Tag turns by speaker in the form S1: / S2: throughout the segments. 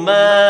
S1: 我们。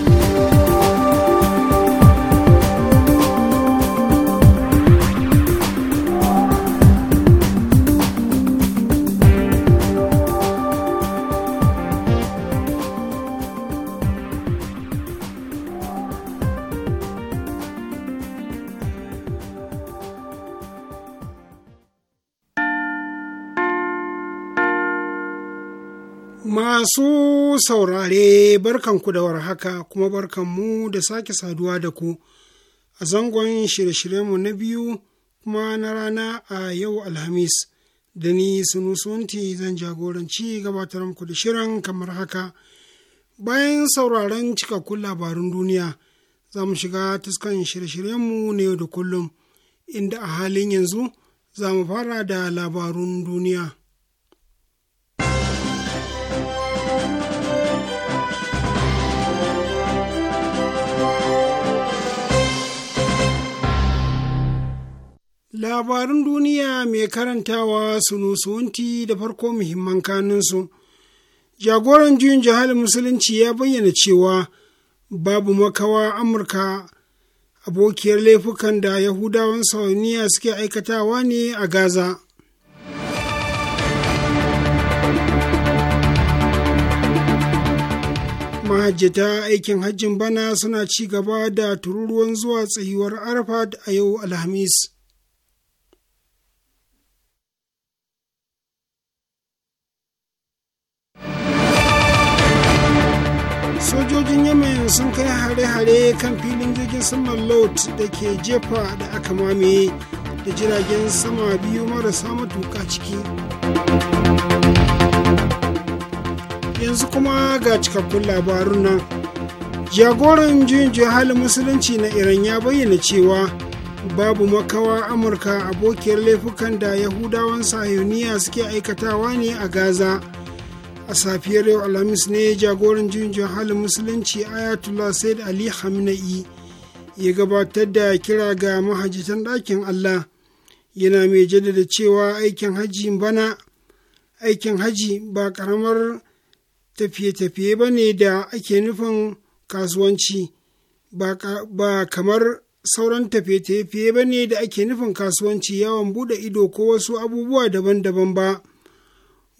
S2: Masu saurare barkanku da warhaka kuma barkanmu da sake saduwa da ku a zangon shirye-shiryenmu na biyu kuma na rana a yau Alhamis. Da ni sunusunti zan jagoranci gabatar muku da shirin kamar haka. Bayan sauraron cikakkun labarun duniya za mu shiga tuskan shirye-shiryenmu na yau da kullum, inda a halin yanzu za mu fara da labarun duniya. Labarin duniya mai karantawa sunusunti da farko muhimman kanunsu. Jagoran juyin jihar Musulunci ya bayyana cewa babu makawa Amurka abokiyar laifukan da Yahudawan Sauniya suke aikatawa ne a Gaza. mahajjata aikin hajjin bana suna ci gaba da tururuwan zuwa tsayuwar arafat a yau alhamis sojojin yemen sun kai hare-hare kan filin jirgin saman lot da ke jefa da aka mamaye da jiragen sama biyu marasa matuka ciki yanzu kuma ga cikakkun labarun nan jagoran juyin halin musulunci na iran ya bayyana cewa babu makawa amurka abokiyar laifukan da yahudawan sahiyoniya suke aikatawa ne a gaza a safiyar yau alhamis ne jagoran juyin halin musulunci ayatollah said ali hamna'i ya gabatar da kira ga mahajitan ɗakin allah yana mai jaddada cewa aikin haji bana aikin haji ba karamar tafiye-tafiye ba ne da ake nufin kasuwanci ba kamar sauran tafiye-tafiye ba ne da ake nufin kasuwanci yawon buɗe ido ko wasu abubuwa daban-daban ba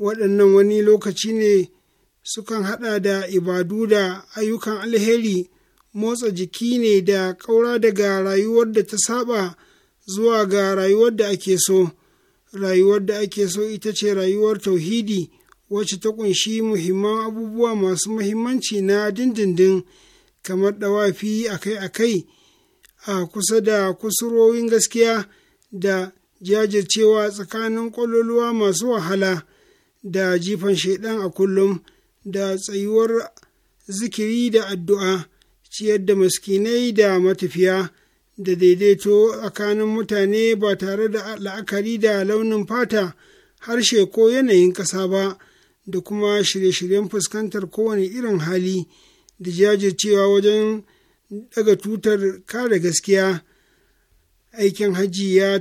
S2: waɗannan wani lokaci ne sukan haɗa da ibadu da ayyukan alheri motsa jiki ne da ƙaura daga rayuwar da ta saba zuwa ga rayuwar da ake so rayuwar da ake so ita ce rayuwar tauhidi wacce ta ƙunshi muhimman abubuwa masu muhimmanci na dindindin kamar ɗawafi akai-akai a kusa da kusurowin gaskiya da jajircewa tsakanin ƙwaloluwa masu wahala da jifan shaiɗan a kullum da tsayuwar zikiri da addu'a ciyar da maskinai da matafiya da daidaito tsakanin mutane ba tare da la'akari da launin fata harshe ko yanayin ƙasa ba da kuma shirye-shiryen fuskantar kowane irin hali da jajircewa wajen daga tutar kare gaskiya aikin hajji ya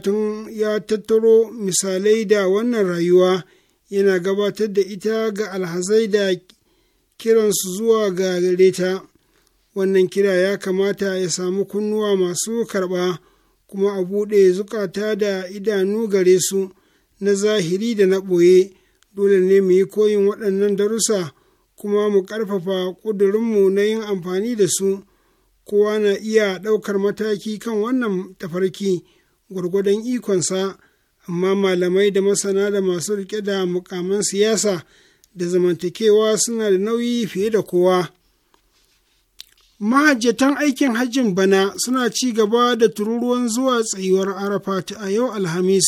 S2: tattaro misalai da wannan rayuwa yana gabatar da ita ga alhazai da kiransu zuwa ga gare ta wannan kira ya kamata ya samu kunnuwa masu karɓa kuma a buɗe zukata da idanu gare su na zahiri da na ɓoye dole ne mu yi koyin waɗannan darussa kuma mu ƙarfafa ƙudurinmu na yin amfani da su kowa na iya ɗaukar mataki kan wannan tafarki gwargwadon ikonsa amma malamai da masana da masu rike da mukaman siyasa da zamantakewa suna da nauyi fiye da kowa mahajjatan aikin hajjin bana suna ci gaba da tururuwan zuwa tsayuwar arafat a yau alhamis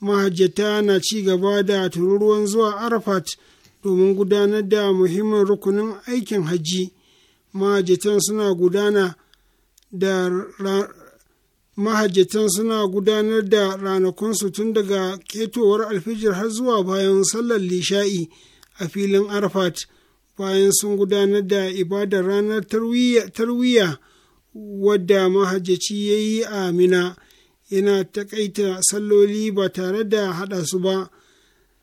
S2: mahajjata na ci gaba da tururuwan zuwa arafat domin gudanar da muhimmin rukunin aikin hajji mahajjatan suna gudana da mahajjatan suna gudanar da ranakunsu tun daga ketowar alfijir har zuwa bayan sallar lisha'i a filin arfat bayan sun gudanar da ibadar ranar tarwiya wadda mahajjaci ya yi a mina yana takaita salloli ba tare da haɗa su ba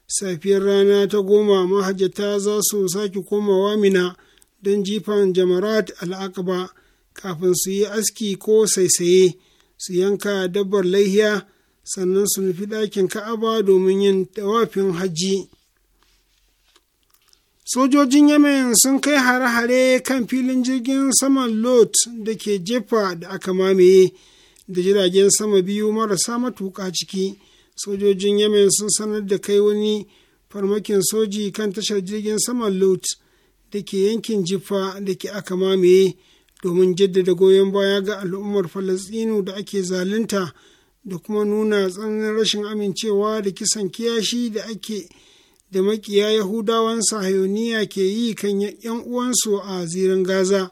S2: safiyar rana ta goma mahajjata za su sake komawa mina don jifan jamarat al'aqaba kafin su yi aski ko saisaye su yanka dabbar laihiya sannan su nufi ɗakin ka'aba domin yin tawafin hajji sojojin yemen sun kai hare-hare kan filin jirgin saman lot da ke jefa da aka mamaye da jiragen sama biyu marasa matuƙa ciki sojojin yemen sun sanar da kai wani farmakin soji kan tashar jirgin saman lot da ke yankin jifa da ke aka mamaye domin jaddada goyon baya ga al'ummar falasɗinu da ake zalunta da kuma nuna tsananin rashin amincewa da kisan kiyashi da ake da makiya yahudawan sahayoniya ke yi kan yan uwansu a zirin gaza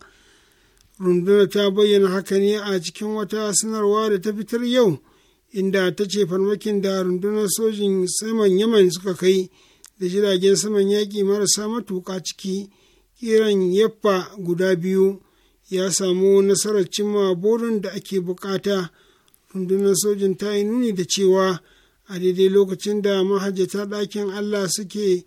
S2: rundunar ta bayyana haka ne a cikin wata sanarwa da ta fitar yau inda ta ce farmakin da rundunar sojin saman yaman suka kai da jiragen saman yaƙi marasa matuƙa ciki kiran yaffa guda biyu ya samu nasarar cimma burin da ake bukata rundunar sojin ta yi nuni da cewa a daidai lokacin da mahajjata ɗakin allah suke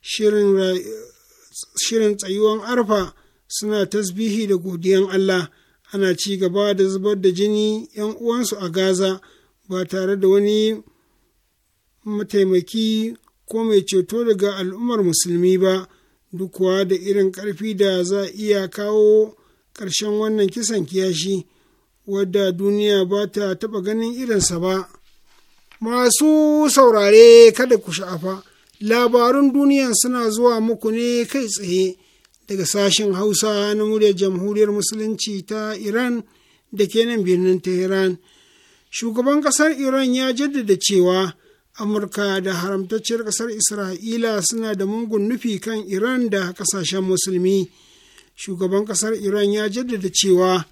S2: shirin tsayuwan arfa suna tasbihi da godiyan allah ana ci gaba da zubar da jini 'yan uwansu a gaza ba tare da wani mataimaki ko mai ceto daga al'ummar musulmi ba dukwa da irin ƙarfi da za a iya kawo ƙarshen wannan kisan kiyashi wadda duniya ba ta taɓa ganin irinsa ba masu saurare kada ku sha'afa labarun duniya suna zuwa muku ne kai tsaye daga sashen hausa na muryar jamhuriyar musulunci ta iran da ke nan birnin tehran shugaban ƙasar iran ya jaddada cewa amurka da haramtacciyar ƙasar isra'ila suna da mugun nufi kan iran da ƙasashen musulmi shugaban ƙasar iran ya jaddada cewa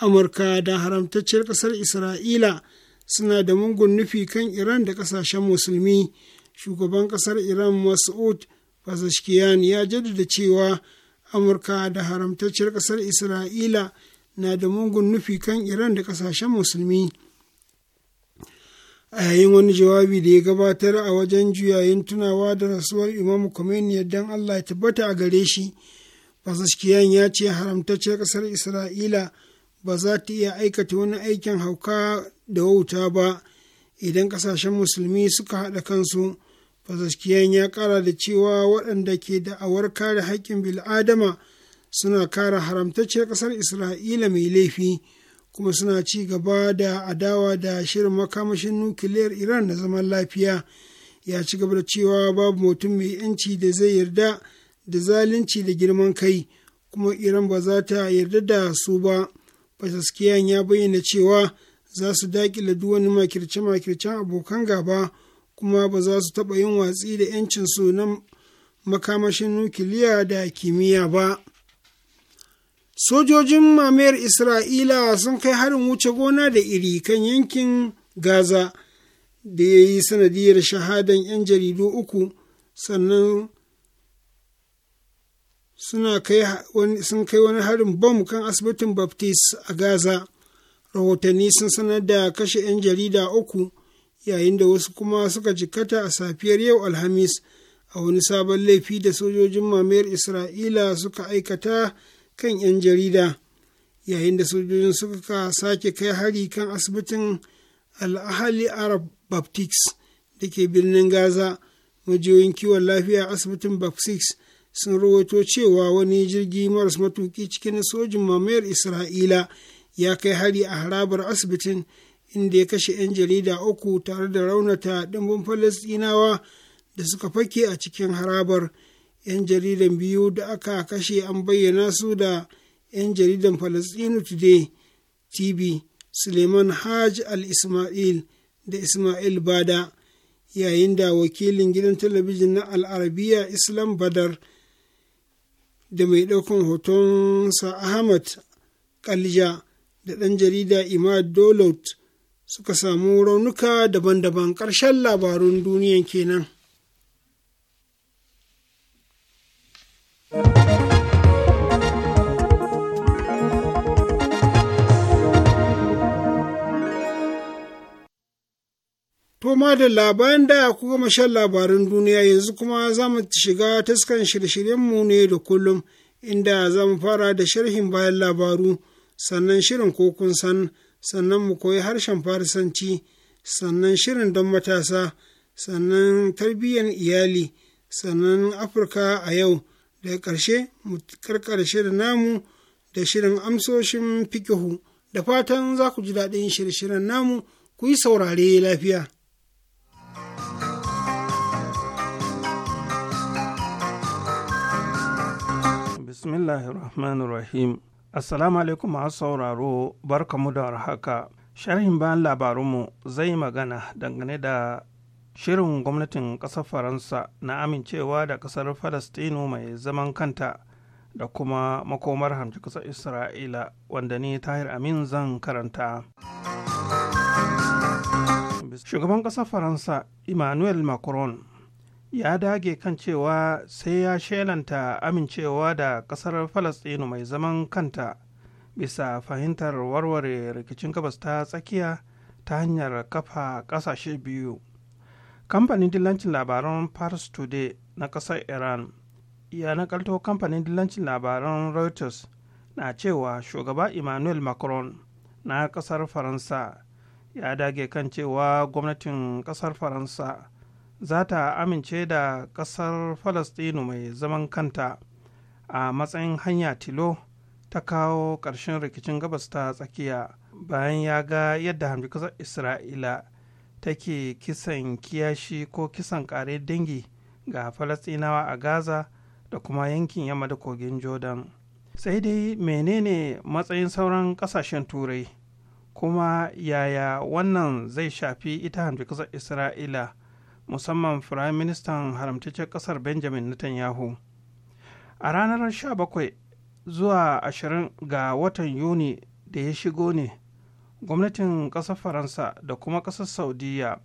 S2: amurka da haramtacciyar ƙasar isra'ila suna da mugun nufi kan iran da ƙasashen musulmi shugaban ƙasar iran mas'ud pazashkiyan ya jaddada cewa amurka da haramtacciyar ƙasar isra'ila na da mugun nufi kan iran da ƙasashen musulmi a yayin wani jawabi da ya gabatar a wajen juyayin tunawa da rasuwar imam Khomeini yadda Allah ya tabbata a gare shi Fasaskiyan ya ce haramtacciyar ƙasar Isra'ila ba za ta iya aikata wani aikin hauka da wauta ba idan ƙasashen musulmi suka haɗa kansu Fasaskiyan ya ƙara da cewa waɗanda ke da'awar kare haƙƙin bil'adama suna kare haramtacciyar ƙasar Isra'ila mai laifi. kuma suna ci gaba da adawa da shirin makamashin nukiliyar iran na zaman lafiya ya ci gaba da cewa babu mutum mai yanci da zai yarda da zalunci da girman kai kuma iran ba za ta yarda da su ba basaskiyan ya bayyana cewa za su dakila duk wani makirce-makircen abokan gaba kuma ba za su taɓa yin watsi da 'yancinsu na makamashin nukiliya da kimiyya ba. sojojin mamayar isra'ila sun kai harin wuce gona da iri kan yankin gaza da ya yi sanadiyar shahadan 'yan jaridu uku sannan sun kai wani harin bom kan asibitin baptist a gaza rahotanni sun sanar da kashe 'yan jarida uku yayin da wasu kuma suka jikkata a safiyar yau alhamis a wani sabon laifi da sojojin mamayar isra'ila suka aikata kan 'yan jarida yayin da sojojin suka sake kai hari kan asibitin al'ahali arab baptist da ke birnin gaza majiyoyin kiwon lafiya asibitin baptist sun rawaito cewa wani jirgi maras matuki cikin sojin mamayar isra'ila ya kai hari a harabar asibitin inda ya kashe 'yan jarida uku tare da raunata dimbin falasɗinawa da suka fake a cikin harabar. 'yan jaridan biyu da aka kashe an bayyana su da 'yan jaridan Falasɗinu Today TV Suleiman Hajj al-Ismail da Ismail Bada yayin da wakilin gidan talabijin na al'arabiya Islam Badar da mai ɗaukan hotonsa Ahmad Kalja da ɗan jarida Imad Dolot suka samu raunuka daban-daban ƙarshen labarun duniyan kenan. To da labarin da ku gama shan labarin duniya yanzu kuma za mu shiga taskan shirye-shiryenmu ne da kullum inda za mu fara da sharhin bayan labaru sannan shirin ko kun san sannan mu koyi harshen farisanci sannan shirin don matasa sannan tarbiyyar iyali sannan afirka a yau. daga ƙarshe mu karkare shirin namu da shirin amsoshin fikihu da fatan za ku ji daɗin shirin-shirin namu ku yi saurare lafiya.
S3: Bismillahir Rahmanir Rahim. Assalamu alaikum masu sauraro, barkamu da warhaka. Sharhin bayan labarunmu zai magana dangane da shirin gwamnatin ƙasar faransa na amincewa da ƙasar falastinu mai zaman kanta da kuma makomar hamci ƙasar isra'ila wanda ni tahir amin zan karanta shugaban ƙasar faransa emmanuel macron ya dage kan cewa sai ya shelanta amincewa da ƙasar falastinu mai zaman kanta bisa fahimtar warware rikicin gabas ta tsakiya ta hanyar kafa ƙasashe biyu kamfanin dillancin labaran paris today na ƙasar iran ya nakalto kamfanin dillancin labaran reuters na cewa shugaba emmanuel macron na ƙasar faransa ya dage kan cewa gwamnatin ƙasar faransa za ta amince da ƙasar falastinu mai zaman kanta a matsayin hanya tilo ta kawo ƙarshen rikicin gabas ta tsakiya bayan ya ga yadda hamdi ƙasar isra'ila take kisan kiyashi ko kisan kare dangi ga falastinawa a gaza da kuma yankin yamma da kogin jordan sai dai menene matsayin sauran kasashen turai kuma yaya wannan zai shafi ita hamji kasar isra'ila musamman firayim ministan haramtaccen kasar benjamin netanyahu a ranar 17 zuwa 20 ga watan yuni da ya shigo ne gwamnatin ƙasar faransa da kuma ƙasar saudiya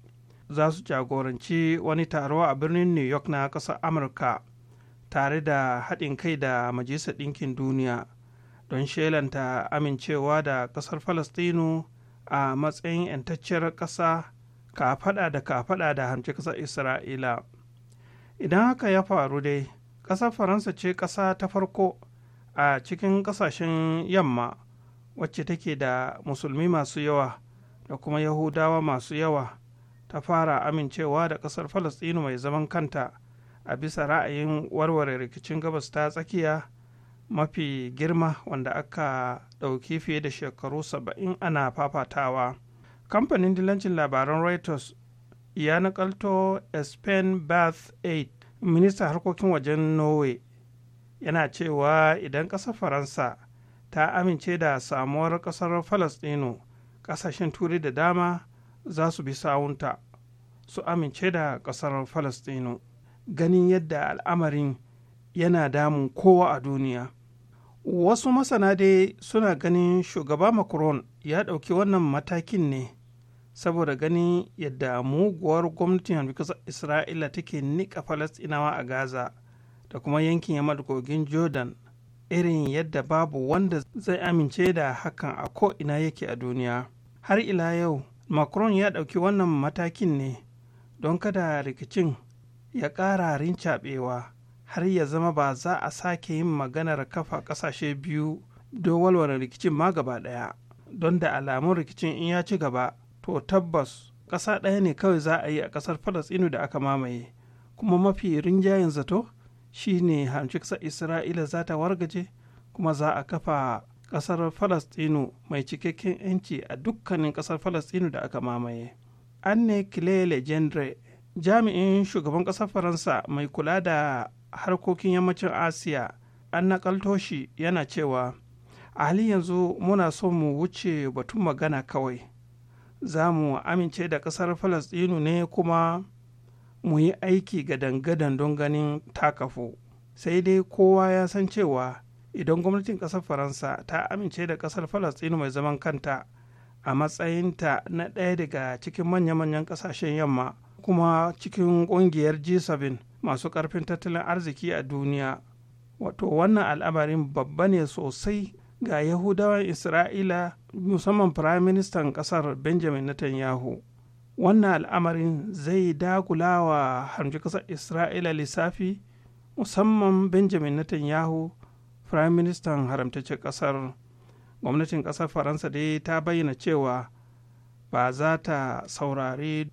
S3: za su jagoranci wani taro a birnin new york na ƙasar amurka tare da haɗin kai da majalisar ɗinkin duniya don shelanta amincewa da ƙasar falastinu a matsayin 'yantacciyar ƙasa kafaɗa da kafaɗa da hamci ƙasar isra'ila idan haka ya faru dai ƙasar faransa ce ƙasa ta farko a cikin ƙasashen yamma wacce take da musulmi masu yawa da kuma yahudawa masu yawa ta fara amincewa da ƙasar falastinu mai zaman kanta a bisa ra'ayin warware rikicin gabas ta tsakiya mafi girma wanda aka ɗauki fiye da shekaru saba'in ana fafatawa kamfanin dilancin labaran reuters ya nakalto spain bath 8 ministan harkokin wajen norway yana cewa idan ƙasar faransa ta amince da samuwar ƙasar falastino ƙasashen turai da dama za su bi sawunta su amince da ƙasar falastino ganin yadda al'amarin yana damun kowa a duniya wasu masana dai suna ganin shugaba macron ya ɗauki wannan matakin ne saboda ganin yadda muguwar gwamnatin hamdukasar isra'ila take niƙa falastinawa a gaza da kuma yankin yamma kogin jordan irin yadda babu wanda zai amince da hakan a ina yake a duniya har ila yau macron ya ɗauki wannan matakin ne don kada rikicin ya ƙara rincaɓewa har ya zama ba za a sake yin maganar kafa ƙasashe biyu don walwala rikicin ma gaba ɗaya don da alamun rikicin in ya ci gaba to tabbas ƙasa ɗaya ne kawai za a yi a ƙasar falasɗinu da aka mamaye kuma mafi rinjayen zato shine hamci ƙasar isra'ila za ta wargaje kuma za a kafa ƙasar falastinu mai cikakken 'yanci a dukkanin ƙasar falastinu da aka mamaye anne kilele gendre jami'in shugaban ƙasar faransa mai kula da harkokin yammacin asiya an nakalto shi yana cewa a halin yanzu muna so mu wuce batun magana kawai za mu amince da ƙasar falastinu ne kuma mu yi aiki ga dangadan don ganin takafu sai dai kowa ya san cewa idan gwamnatin ƙasar faransa ta amince da ƙasar falastinu mai zaman kanta a matsayinta na ɗaya daga cikin manya-manyan ƙasashen yamma kuma cikin ƙungiyar g7 masu ƙarfin tattalin arziki a duniya wato wannan al'amarin babba ne sosai ga yahudawan isra'ila musamman Firayim Ministan ƙasar benjamin netanyahu wannan al'amarin zai dakula wa harmci ƙasar isra'ila lissafi musamman benjamin netanyahu firayim ministan haramtaccen ƙasar gwamnatin ƙasar faransa dai ta bayyana cewa ba za ta saurari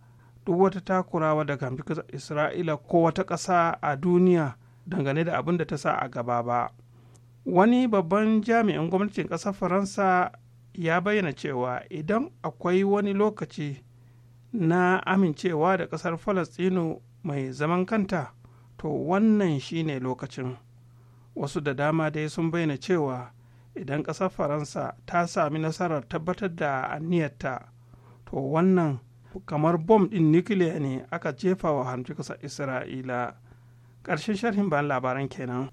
S3: duk wata takurawa daga hamshi ƙasar isra'ila ko wata ƙasa a duniya dangane da abin da ta sa a gaba ba wani babban jami'in gwamnatin ƙasar faransa ya bayyana cewa idan akwai wani lokaci na amincewa da ƙasar Falasɗinu mai zaman kanta to wannan shine lokacin wasu da dama dai sun bayyana cewa idan ƙasar faransa ta sami nasarar tabbatar da anniyarta, to wannan kamar bom ɗin nukiliya ne aka jefa wa harci ƙasar isra'ila ƙarshen sharhin bayan labaran kenan.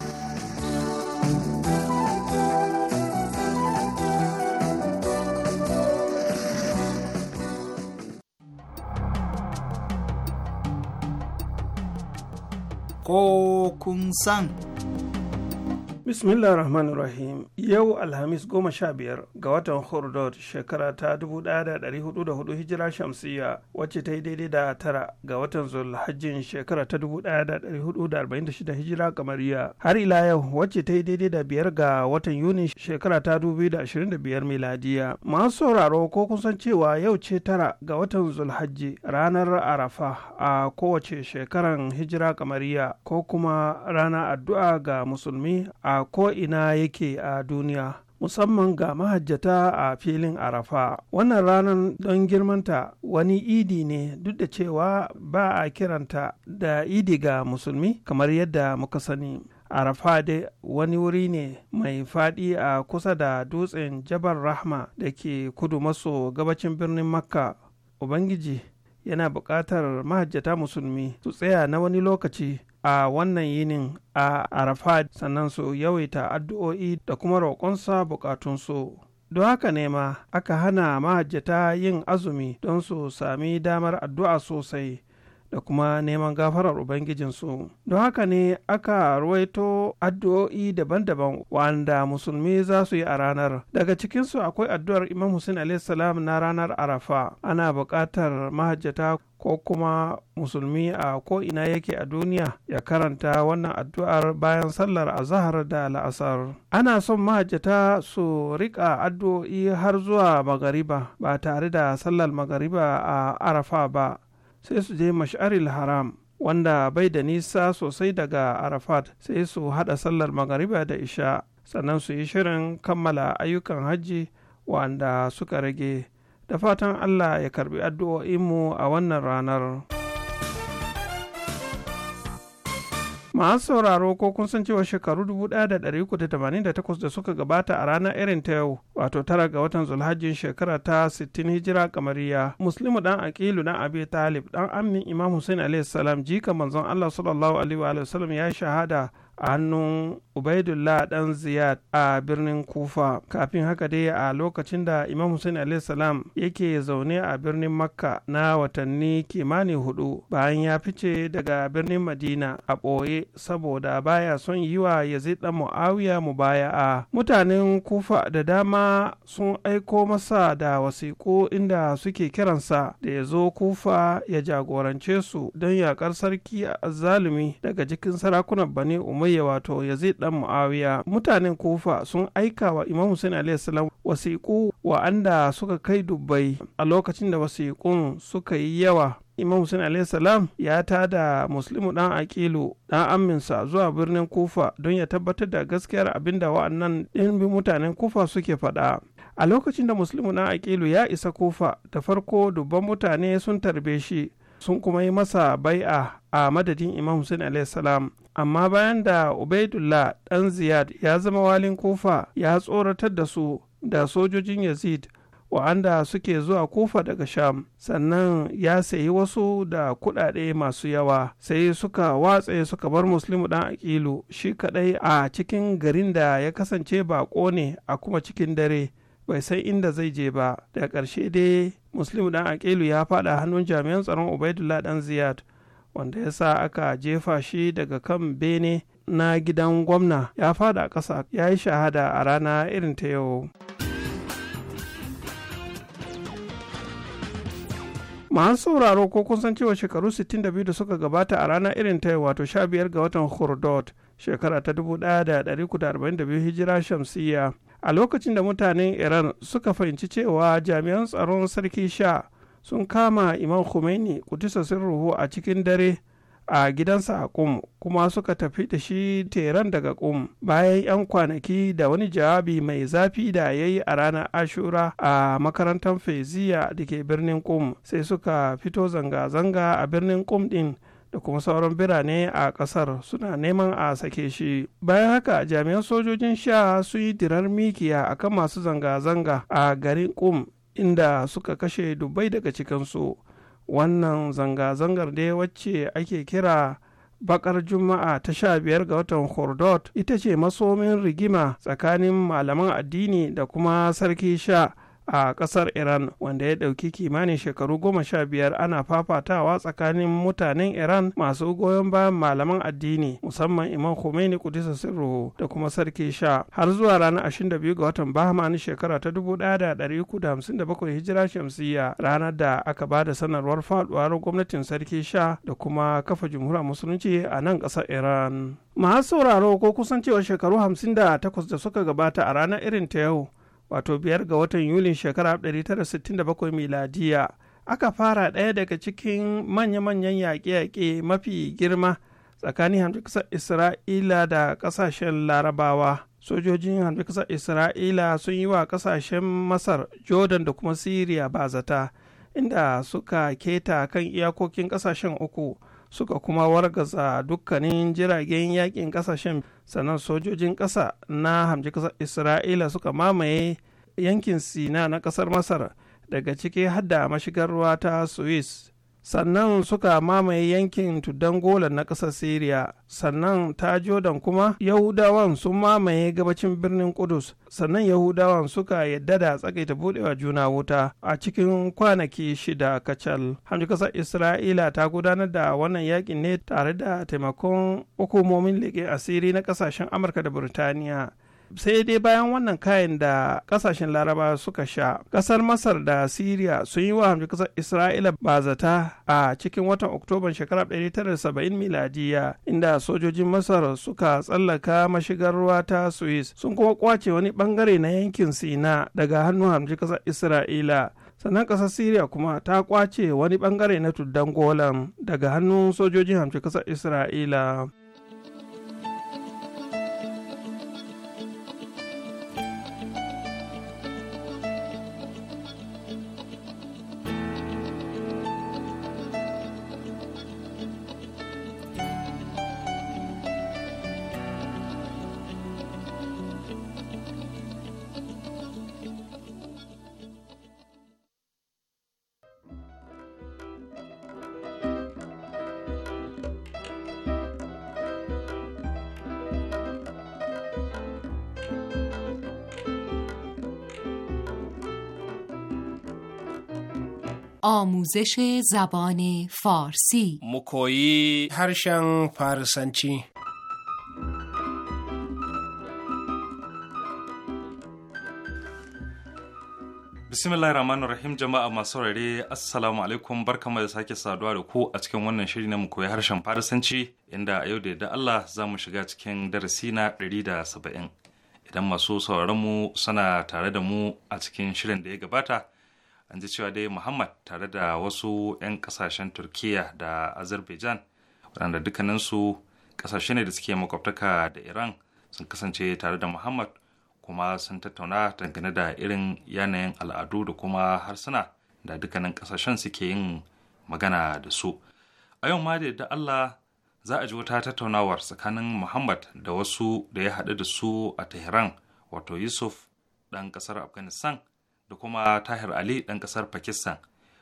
S3: こうくんさん bismillah rahman rahim yau alhamis goma sha biyar ga watan hordod shekara ta dubu ɗaya da ɗari hudu da hudu hijira shamsiyya wacce ta yi daidai da tara ga watan zulhajjin shekara ta dubu ɗaya da ɗari hudu da arba'in da shida hijira kamariya har ila yau wacce ta yi daidai da biyar ga watan yuni shekara ta dubu da ashirin da biyar miladiya masu sauraro ko kun san cewa yau ce tara ga watan zulhajji ranar arafa a kowace shekaran hijira kamariya ko kuma ranar addu'a ga musulmi a a ko'ina yake a duniya musamman ga mahajjata a filin arafa wannan ranar don girmanta wani idi ne duk da cewa ba a kiranta da idi ga musulmi kamar yadda muka sani arafa dai wani wuri ne mai faɗi a kusa da dutsen jabar rahma da ke kudu maso gabacin birnin makka ubangiji yana buƙatar mahajjata musulmi su tsaya na wani lokaci a wannan yinin a arafat sannan su yawaita addu'o'i da kuma roƙonsa bukatunsu don haka ne ma aka hana mahajjata yin azumi don su sami damar addu'a sosai da kuma neman gafarar Ubangijinsu. Don haka ne aka ruwaito addu'o'i daban-daban wanda musulmi za su yi a ranar. Daga cikinsu akwai addu'ar Imam Hussein salam na ranar Arafa. Ana buƙatar mahajjata ko kuma musulmi a ko'ina yake a duniya ya karanta wannan addu'ar bayan sallar azahar da la'asar. Ana son mahajjata su riƙa addu'o'i har zuwa magariba ba tare da sallar magariba a Arafa ba. sai su je mash'aril haram wanda bai da nisa sosai daga arafat sai su hada sallar magariba da isha sannan su yi shirin kammala ayyukan hajji wanda suka rage da fatan allah ya karbi addu'o'inmu a wannan ranar. masu sauraro ko kun san cewa shekaru 1388 da suka gabata a ranar irin ta yau wato tara ga watan zulhajjin shekara ta 60 hijira kamariya muslimu dan aqilu dan abi talib dan amin imam hussein alaihi salam jika manzon allah sallallahu alaihi wa sallam ya shahada a hannun ubaidullah dan ziyad a birnin kufa kafin haka dai a lokacin da imam hussein salam yake zaune a birnin makka na watanni kimani hudu bayan ya fice daga birnin madina a ɓoye saboda baya son yiwa wa yazid dan muawiya mubaya'a mutanen kufa da dama sun aiko masa da wasiku inda suke kiransa da ya zo kufa ya jagorance su don yaƙar sarki a zalimi daga cikin sarakunan bani umayya wato yazid dan muawiya mutanen kufa sun aika wa imam hussein alayhi salam wasiƙu wa'anda suka kai dubbai a lokacin da wasikun suka yi yawa imam hussein alayhi salam ya da muslimu dan akilu dan aminsa zuwa birnin kufa don ya tabbatar da gaskiyar abinda da wa'annan ɗimbin mutanen kufa suke faɗa a lokacin da muslimu dan akilu ya isa kufa da farko dubban mutane sun tarbe shi sun kuma yi masa bai'a a madadin imam hussein alayhi salam amma bayan da ubaidullah ɗan ziyad ya zama walin kufa ya tsoratar da su da sojojin yazid wa'anda suke zuwa kufa daga sham sannan ya sayi wasu da kudade masu yawa sai suka watse suka bar muslimu ɗan akilu shi kadai a cikin garin da ya kasance baƙo ne a kuma cikin dare bai san inda zai je ba da karshe dai muslimu ɗan akilu ya faɗa hannun jami'an tsaron ubaidullah dan ziyad wanda ya sa aka jefa shi daga kan bene na gidan gwamna ya fada ƙasa ya yi shahada a rana irin ta yau. masu sauraro ko kun san cewa shekaru 62 da suka gabata a rana irin ta wato 15 ga watan hurdot shekara ta 1,442 hijira shamsiyya a lokacin da mutanen iran suka fahimci cewa jami'an tsaron sarki sha sun kama imam khomeini kutisa sirruhu a cikin dare a gidansa a kum kuma suka tafi da shi teran daga kum bayan 'yan kwanaki da wani jawabi mai zafi da ya yi a ranar ashura a makarantar feziya da ke birnin kum sai suka fito zanga-zanga a birnin kum din da kuma sauran birane a kasar suna neman a sake shi bayan haka jami'an sojojin sha sun yi dirar mikiya akan masu zanga-zanga a garin kum inda suka kashe dubbai daga cikinsu wannan zanga-zangar dai wacce ake kira bakar juma'a ta sha biyar ga watan hordot ita ce masomin rigima tsakanin malaman addini da kuma sarki sha a ƙasar iran wanda ya ɗauki kimanin shekaru goma sha biyar ana fafatawa tsakanin mutanen iran masu goyon bayan malaman addini musamman imam khomeini kudisa sirruhu da kuma sarki sha har zuwa ranar ashirin da biyu ga watan bahman shekara ta dubu da da da uku hamsin bakwai hijira shamsiyya ranar da aka ba da sanarwar faɗuwar gwamnatin sarki sha da kuma kafa jumhuriyar musulunci a nan kasar iran masu sauraro ko kusan cewa shekaru takwas da suka gabata a ranar irin ta yau wato biyar ga watan yulin shekara 1967 miladiya aka fara ɗaya daga cikin manya-manyan yaƙe-yaƙe mafi girma tsakanin Kasar isra'ila da ƙasashen larabawa sojojin Kasar isra'ila sun yi wa ƙasashen masar jordan da kuma siriya bazata inda suka keta kan iyakokin ƙasashen uku suka kuma wargaza dukkanin jiragen yakin kasashen sannan sojojin ƙasa na hamji ƙasar isra'ila suka mamaye yankin sina na ƙasar masar daga ciki hadda mashigar ruwa ta suez sannan suka mamaye yankin Tudangola na ƙasar Siriya, sannan ta Jordan kuma Yahudawan sun mamaye gabacin birnin Kudus, sannan Yahudawan suka yadda da tsakaita budewa juna wuta a cikin kwanaki shida kacal. Hanyar ƙasar Isra'ila ta gudanar da wannan yakin ne tare da taimakon hukumomin leƙe asiri na ƙasashen Amurka da Burtaniya. sai dai bayan wannan kayan da kasashen laraba suka sha kasar masar da syria sun yi wa hamshi kasar isra'ila bazata a cikin watan oktoban shekarar 1970 miladiya inda sojojin masar suka tsallaka mashigar ruwa ta swiss sun kuma kwace wani bangare na yankin sina daga hannun hamshi kasar isra'ila sannan kasar syria kuma ta kwace wani bangare na tuddan golan daga hannun sojojin hamshi kasar isra'ila
S4: آموزش زبان فارسی
S5: مکویی هرشن فارسنچی
S6: bismillahir rahmanir rahim jama'a masu rare assalamu alaikum da sake saduwa da ku a cikin wannan shiri na mu koyi harshen farisanci inda a yau da yadda Allah za mu shiga cikin darasi na ɗari da saba'in idan masu sauraron mu suna tare da mu a cikin shirin da ya gabata an ji cewa dai muhammad tare da wasu 'yan kasashen turkiya da azerbaijan waɗanda dukkaninsu kasashe ne da suke makwabtaka da iran sun kasance tare da muhammad kuma sun tattauna dangane da irin yanayin al'adu da kuma harsuna da dukkanin kasashen suke yin magana da su a yau ma da allah za a ji wata tattaunawar tsakanin muhammad da wasu da ya haɗu da su a tehran wato yusuf ɗan ƙasar afghanistan da kuma tahir ali ɗan ƙasar pakistan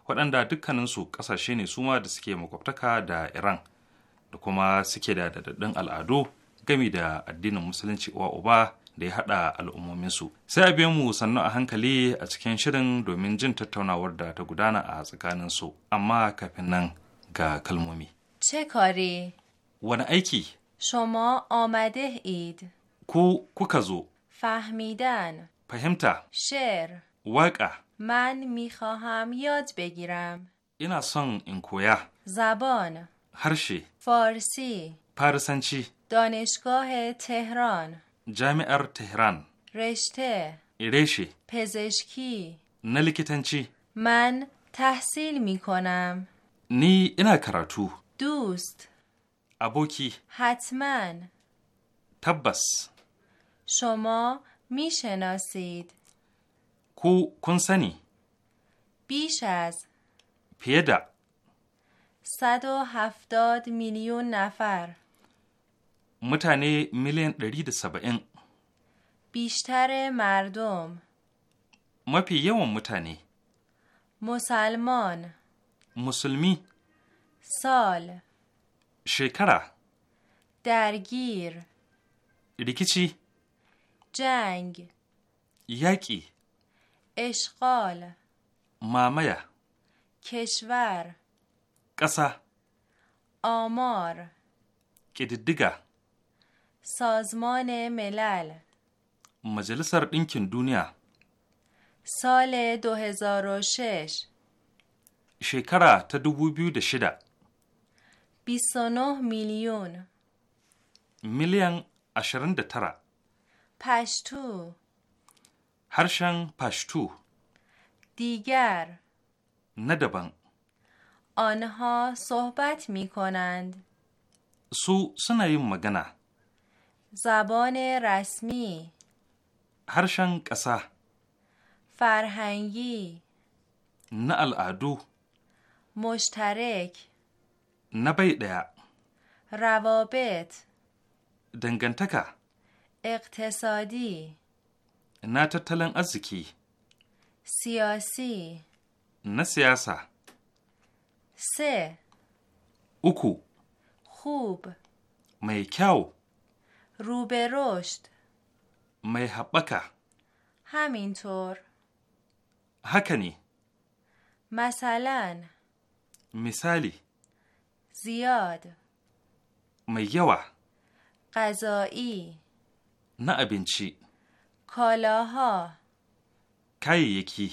S6: waɗanda dukkaninsu ƙasashe ne suma da suke makwabtaka da iran da kuma suke da daɗaɗɗun al'adu gami da addinin musulunci wa uba da ya haɗa al'ummominsu sai a biyan mu sannu a hankali a cikin shirin domin jin tattaunawar da ta gudana a tsakaninsu amma kafin nan ga kalmomi
S4: چه کاری؟
S6: aiki.
S4: شما آمده اید.
S6: کو کوکا زو.
S4: فهمیدن. فهمتا. شعر. وقع من میخواهم یاد بگیرم
S6: این سون این کویا
S4: زبان هرشی فارسی
S6: پارسنچی
S4: دانشگاه تهران
S6: جامعه تهران
S4: رشته ایرشی پزشکی
S6: نلیکتنچی
S4: من تحصیل میکنم.
S6: نی اینا کراتو
S4: دوست ابوکی حتما
S6: تبس
S4: شما میشناسید.
S6: کو کن
S4: بیش از پیدا صد و هفتاد میلیون نفر
S6: متنه میلیون درید سبعین
S4: بیشتر مردم
S6: ما و متنی
S4: مسلمان
S6: مسلمی
S4: سال شکره درگیر ریکیچی جنگ
S6: یکی
S4: اشغال مامایا کشور کسا آمار کدیدگا سازمان ملل
S6: مجلس دینکین دنیا
S4: سال 2006
S6: شکره تا 2006
S4: 29 میلیون
S6: میلیون 29
S4: پشتو
S6: هرشن پشتو
S4: دیگر ندبن آنها صحبت می کنند
S6: سو سنایم مگنه
S4: زبان رسمی
S6: هرشنگ کسه
S4: فرهنگی
S6: نه الادو
S4: مشترک
S6: نه
S4: روابط
S6: دنگنتکه
S4: اقتصادی
S6: na tattalin arziki
S4: siyasi
S6: na siyasa
S4: se uku Hub.
S6: mai kyau
S4: روبرشت
S6: mai haɓaka
S4: Hamintor. haka ne Masalan. misali Ziyad. mai yawa غذایی
S6: na abinci
S4: کالاها یکی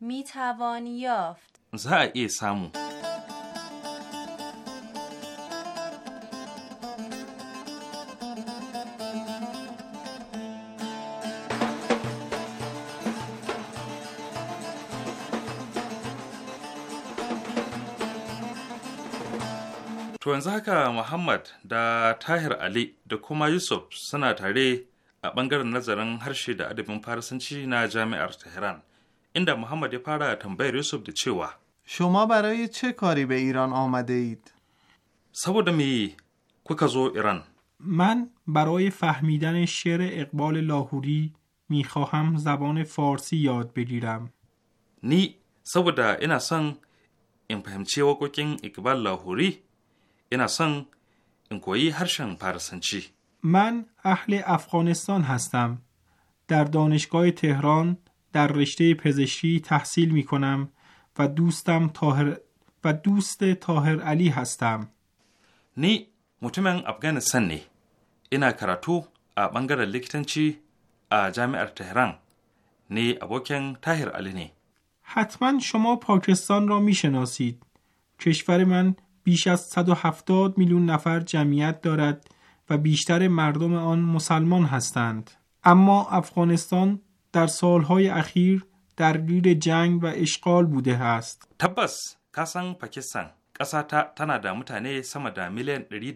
S4: می توان یافت
S6: زا ای سامو To yanzu haka Muhammad da Tahir Ali da kuma Yusuf suna tare a bangaren nazarin harshe da adabin farisanci na jami'ar tehran inda muhammad ya fara tambayar yusuf da cewa
S7: شما برای چه کاری به ایران آمده اید؟ سبود می
S6: زو ایران
S8: من برای فهمیدن شعر اقبال لاهوری میخواهم زبان فارسی یاد بگیرم
S6: نی سبود اینا سن این فهمچی وکوکین اقبال لاهوری اینا سن این کویی هرشن پرسنچی
S8: من اهل افغانستان هستم. در دانشگاه تهران در رشته پزشکی تحصیل می کنم و دوستم تاهر و دوست تاهر علی هستم.
S6: نی متمن افغانستان نی. اینا کراتو ا لیکتنچی ا جامعه تهران. نی ابوکن تاهر علی نی.
S8: حتما شما پاکستان را می شناسید. کشور من بیش از 170 میلیون نفر جمعیت دارد و بیشتر مردم آن مسلمان هستند. اما افغانستان در سالهای اخیر در دیر جنگ و اشغال بوده است.
S6: تبس کسان پاکستان کسا تا تنا دا متانه سما د ملین ری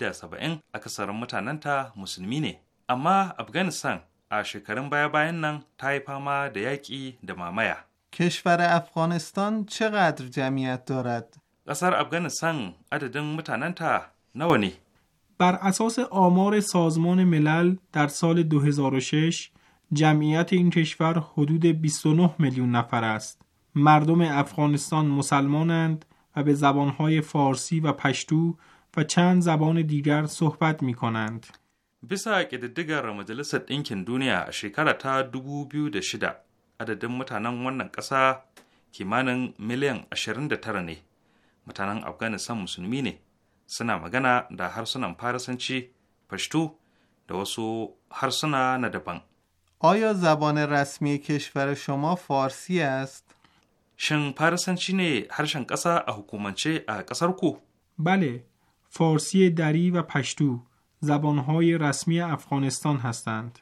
S6: اکسر تا مسلمینه. اما افغانستان آشکرم بایا باین نن تای پا ما د مامایا.
S7: کشور افغانستان چقدر جمعیت
S6: دارد؟ اصار افغانستان عددن متانن تا نوانی
S8: بر اساس آمار سازمان ملل در سال 2006 جمعیت این کشور حدود 29 میلیون نفر است. مردم افغانستان مسلمانند و به زبانهای فارسی و پشتو و چند زبان دیگر صحبت می کنند.
S6: مجلس اینکن دنیا دونیا دنیا تا shekara ta 2006 adadin متانان ونن ƙasa که miliyan 29 ne ترنه afghanistan افغانستان مسلمینه. suna magana da harsunan Farisanci, Pashto da wasu harsuna na daban.
S7: آیا زبان رسمی کشور شما فارسی است؟
S6: شن پارسنچی نه هرشن قصا حکومنچه قصر کو؟
S8: بله، فارسی دری و پشتو زبانهای رسمی افغانستان هستند.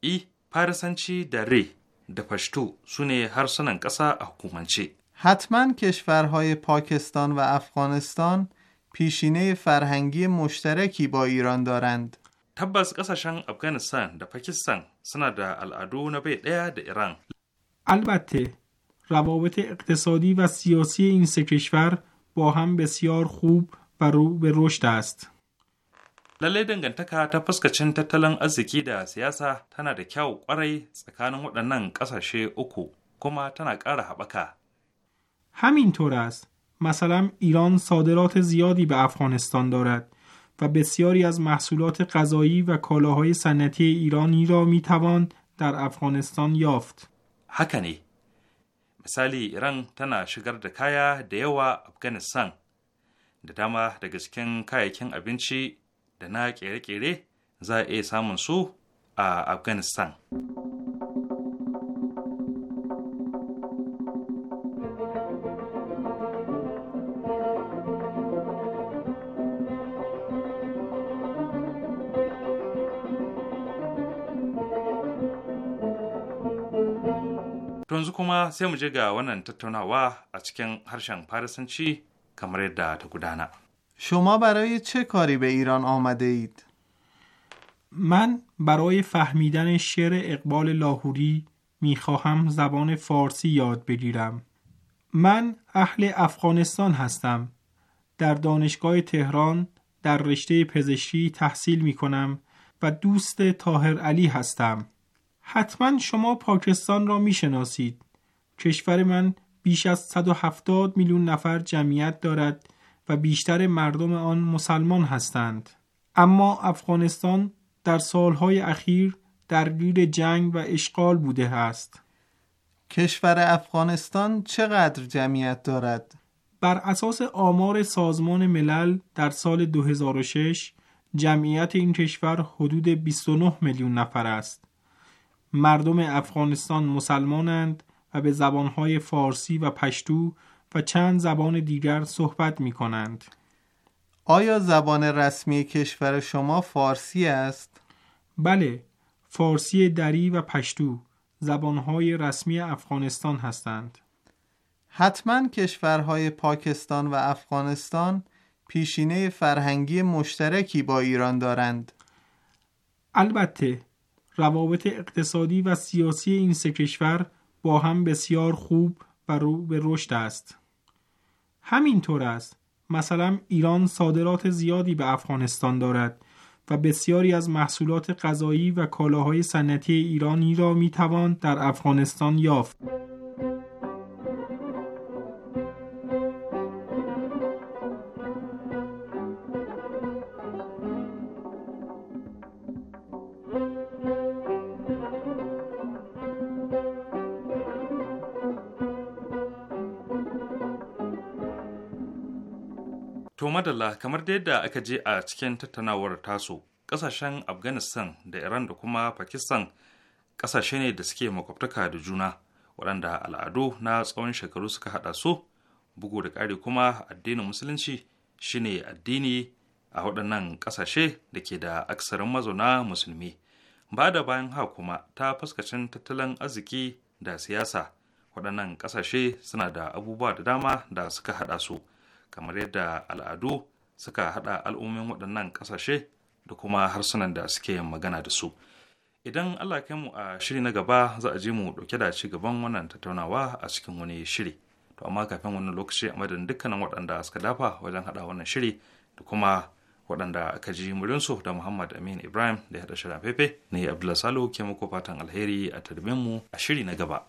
S6: ای پارسنچی دری د پشتو سونه هرسنن قصا حکومنچه.
S8: حتما کشورهای
S7: پاکستان و افغانستان پیشینه فرهنگی مشترکی با ایران
S6: دارند. تبس قساشن افغانستان و پاکستان سنا دا العدو نبی دا ایران.
S8: البته روابط اقتصادی و سیاسی این سه کشور با هم بسیار خوب و رو به رشد است.
S6: lallai dangantaka ta fuskacin tattalin arziki da siyasa tana da kyau kwarai tsakanin waɗannan ƙasashe uku kuma tana ƙara haɓaka.
S8: همینطور است مثلا ایران صادرات زیادی به افغانستان دارد و بسیاری از محصولات غذایی و کالاهای صنعتی ایرانی را می توان در افغانستان
S6: یافت. هکنی مثالی ایران تنا شگر دکایا کایا و افغانستان da dama daga cikin kayayyakin abinci da na kere-kere za a iya yanzu kuma sai mu je ga wannan tattaunawa a cikin harshen Farisanci
S7: شما برای چه کاری به ایران آمده اید؟
S8: من برای فهمیدن شعر اقبال لاهوری خواهم زبان فارسی یاد بگیرم. من اهل افغانستان هستم. در دانشگاه تهران در رشته پزشکی تحصیل می کنم و دوست تاهر علی هستم. حتما شما پاکستان را میشناسید کشور من بیش از 170 میلیون نفر جمعیت دارد و بیشتر مردم آن مسلمان هستند اما افغانستان در سالهای اخیر درگیر جنگ و اشغال بوده است کشور افغانستان چقدر جمعیت دارد بر اساس آمار سازمان ملل در سال 2006 جمعیت این کشور حدود 29 میلیون نفر است مردم افغانستان مسلمانند و به زبانهای فارسی و پشتو و چند زبان دیگر صحبت می کنند. آیا زبان رسمی کشور شما فارسی است؟ بله، فارسی دری و پشتو زبانهای رسمی افغانستان هستند. حتما کشورهای
S7: پاکستان و افغانستان پیشینه فرهنگی مشترکی با ایران
S8: دارند. البته روابط اقتصادی و سیاسی این سه کشور با هم بسیار خوب و رو به رشد است همینطور است مثلا ایران صادرات زیادی به افغانستان دارد و بسیاری از محصولات غذایی و کالاهای سنتی ایرانی را می در افغانستان یافت
S6: madalla kamar da aka je a cikin tattaunawar taso kasashen afghanistan da iran da kuma pakistan kasashe ne da suke makwabtaka da juna waɗanda al'adu na tsawon shekaru suka hada su bugu da ƙari kuma addinin musulunci shine addini a waɗannan ƙasashe da ke da aksarin mazauna musulmi ba da bayan ha kuma ta fuskacin tattalin arziki da siyasa waɗannan ƙasashe suna da abubuwa da dama da suka hada su kamar yadda al'adu suka haɗa al'ummin waɗannan ƙasashe da kuma harsunan da suke magana da su idan allah kai mu a shiri na gaba za a je mu ɗauke da ci gaban wannan tattaunawa a cikin wani shiri to amma kafin wannan lokaci a madadin dukkanin waɗanda suka dafa wajen haɗa wannan shiri da kuma waɗanda aka ji murinsu da muhammad amin ibrahim da ya haɗa shirin fefe ne abdullahi salo ke muku fatan alheri a tarbin mu a shiri na gaba.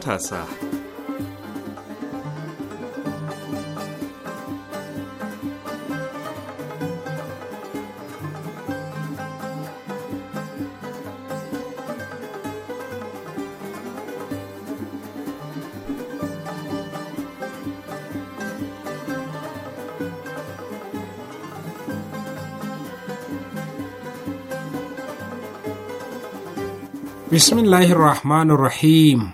S6: matasa.
S5: Bismillahirrahmanirrahim.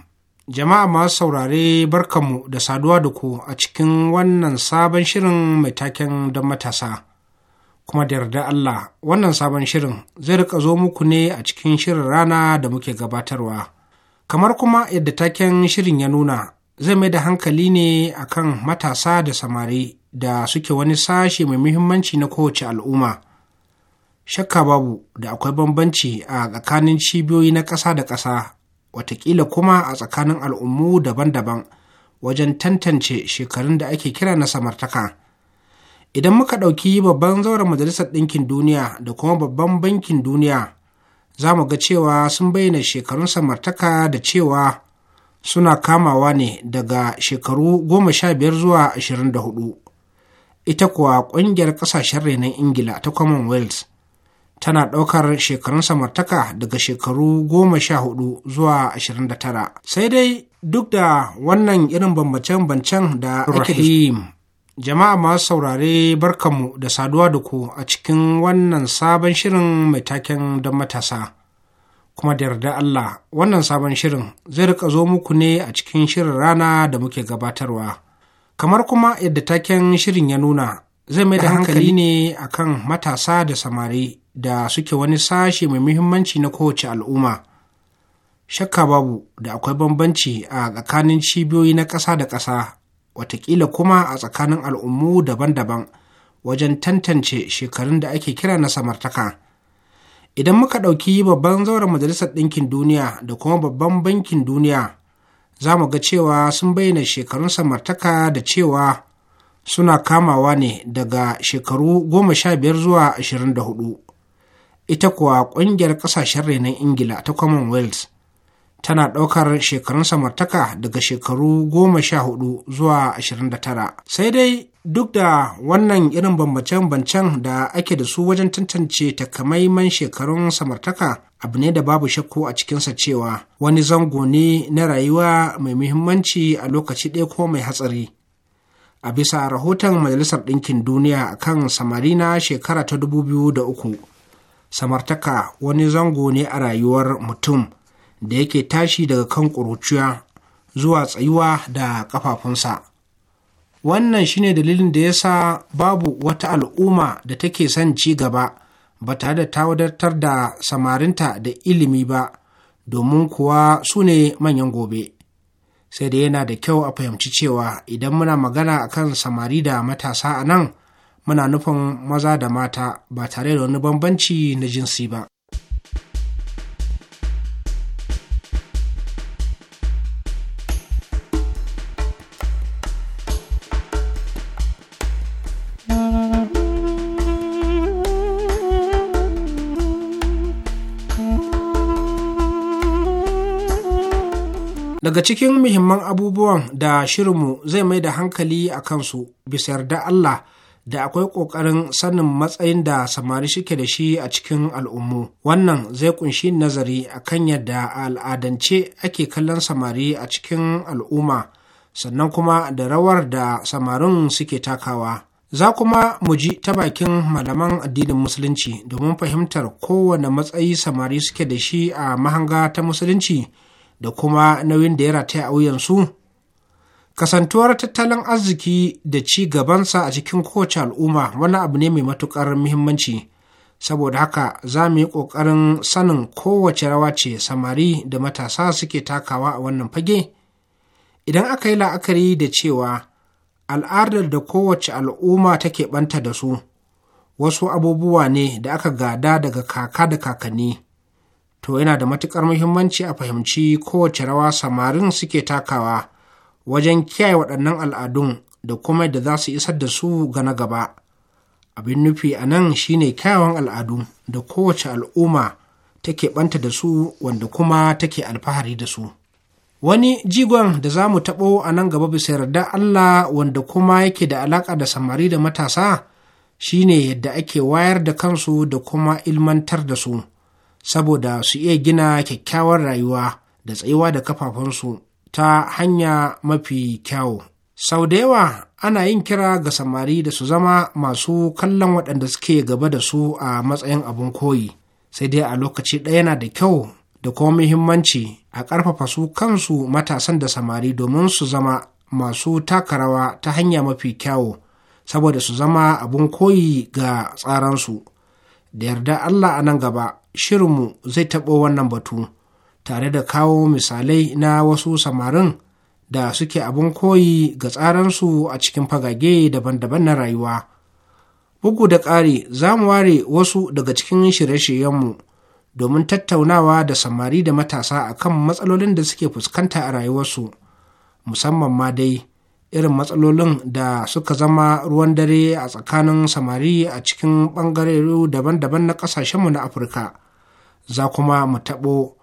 S5: Jama'a masu saurare barkanmu da saduwa da ku a cikin wannan sabon shirin mai taken don matasa. Kuma da yarda Allah wannan sabon shirin zai rika zo muku ne a cikin shirin rana da muke gabatarwa. Kamar kuma yadda taken shirin ya nuna zai mai da hankali ne akan matasa da samari da suke wani sashe mai muhimmanci na kowace al'umma. Shakka babu da akwai bambanci a tsakanin cibiyoyi na ƙasa da ƙasa watakila kuma a tsakanin al'ummu daban-daban wajen tantance shekarun da ake kira na samartaka idan muka ɗauki babban zauren majalisar ɗinkin duniya da kuma babban bankin duniya za mu ga cewa sun bayyana shekarun samartaka da cewa suna kamawa ne daga shekaru goma sha biyar zuwa ashirin da hudu ita kuwa ƙungiyar ƙasashen renon ingila ta commonwealth tana ɗaukar shekarun samartaka daga shekaru goma sha hudu zuwa ashirin da tara sai dai duk da wannan irin bambance bancen da rahim jama'a masu saurare barkanmu da saduwa da ku a cikin wannan sabon shirin mai taken don matasa kuma da yarda Allah wannan sabon shirin zai rika zo muku ne a cikin shirin rana da muke gabatarwa kamar kuma yadda taken shirin ya nuna zai mai da hankali ne akan matasa da samari da suke wani sashe mai muhimmanci na kowace al'umma shakka babu da akwai bambanci a tsakanin cibiyoyi na ƙasa da ƙasa watakila kuma a tsakanin al'ummu daban-daban wajen tantance shekarun da ake kira na samartaka idan muka ɗauki babban zauren majalisar ɗinkin duniya da kuma babban bankin duniya za mu ga cewa sun bayyana shekarun samartaka da cewa suna kamawa ne daga shekaru goma sha biyar zuwa ashirin da hudu ita kuwa ƙungiyar ƙasashen renon ingila ta commonwealth tana ɗaukar shekarun samartaka daga shekaru goma sha hudu zuwa ashirin da tara sai dai duk da wannan irin bambance-bambancen da ake da su wajen tantance takamaiman shekarun samartaka abu ne da babu shakku a cikinsa cewa wani zango ne na rayuwa mai muhimmanci a lokaci ɗaya ko mai hatsari a bisa rahoton majalisar ɗinkin duniya akan samari na shekara ta dubu biyu da uku. samartaka wani zango ne a rayuwar mutum da yake tashi daga kan ƙuruciya zuwa tsayuwa da ƙafafunsa wannan shi ne dalilin da ya sa babu wata al'umma da take son ci gaba ba tare da ta wadatar da samarinta da ilimi ba domin kuwa su ne manyan gobe sai da yana da kyau a fahimci cewa idan muna magana akan samari da matasa a nan muna nufin maza da mata ba tare da wani bambanci na jinsi ba. Daga cikin muhimman abubuwan da shirinmu zai mai da hankali a kansu bisa yarda Allah da akwai ƙoƙarin sanin matsayin da samari suke da shi a cikin al'ummu wannan zai kunshi nazari a kan yadda a al'adance ake kallon samari a cikin al'umma sannan kuma da rawar da samarin suke takawa za kuma mu ji ta bakin malaman addinin musulunci domin fahimtar kowane matsayi samari suke da shi a mahanga ta musulunci da kuma nauyin da ya rataya a wuyansu Kasantuwar tattalin arziki da ci gabansa a cikin kowace al'umma wani abu ne mai matuƙar muhimmanci, saboda haka za mu yi ƙoƙarin sanin kowace rawa ce samari da matasa suke takawa a wannan fage. Idan aka yi la'akari da cewa al'adar da kowace al'umma take ɓanta da su, wasu abubuwa ne da aka gada daga kaka da kakanni. To yana da matuƙar muhimmanci a fahimci kowace rawa samarin suke takawa. wajen kiyaye waɗannan al'adun da kuma da za su isar da su ga na gaba abin nufi a nan shi ne kyawan al'adu da kowace al'umma take ɓanta da su wanda kuma take alfahari da su wani jigon da za mu taɓo a nan gaba bisa yarda allah wanda kuma yake da alaƙa da samari da matasa shi ne yadda ake wayar da kansu da kuma ilmantar da su saboda su iya gina kyakkyawar rayuwa da tsayuwa da kafafunsu ta hanya mafi kyawu. Sau da yawa ana yin kira ga samari da su zama masu kallon waɗanda suke gaba da su a matsayin abin koyi, sai dai a lokaci ɗaya yana da kyau da kuma muhimmanci a ƙarfafa su kansu matasan da samari domin su zama masu taka rawa ta hanya mafi kyawu, saboda su zama abin koyi ga tsaransu. Da yarda Allah a nan gaba, shirinmu zai taɓo wannan batu. tare da kawo misalai na wasu samarin da suke abin koyi ga tsaransu a cikin fagage daban-daban na rayuwa. Bugu da ƙari za mu ware wasu daga cikin shirye-shiryenmu domin tattaunawa da samari da matasa a kan matsalolin da suke fuskanta a rayuwarsu, musamman ma dai irin matsalolin da suka zama ruwan dare a tsakanin samari a cikin ɓangarori daban-daban na ƙasashenmu na Afirka. Za kuma mu taɓo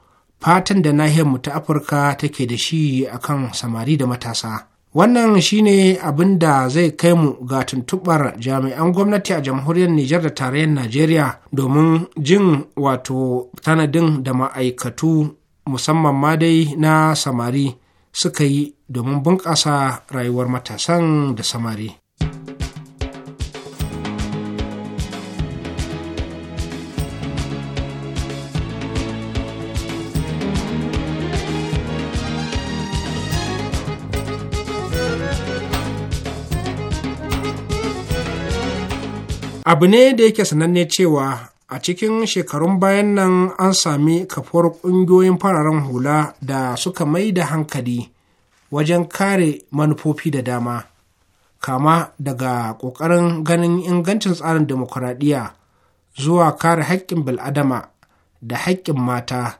S5: fatan da nahiyarmu ta afirka take da shi akan samari da matasa wannan shine abin da zai kai mu ga tuntubar jami'an gwamnati a jamhuriyar nijar da tarayyar najeriya domin jin wato tanadin da ma'aikatu musamman ma dai na samari suka yi domin bunƙasa rayuwar matasan da samari abu ne da yake sananne cewa a cikin shekarun bayan nan an sami kafuwar ƙungiyoyin fararen hula da suka mai da hankali wajen kare manufofi da dama kama daga ƙoƙarin ganin ingancin tsarin demokuraɗiyya zuwa kare haƙƙin bil'adama da haƙƙin mata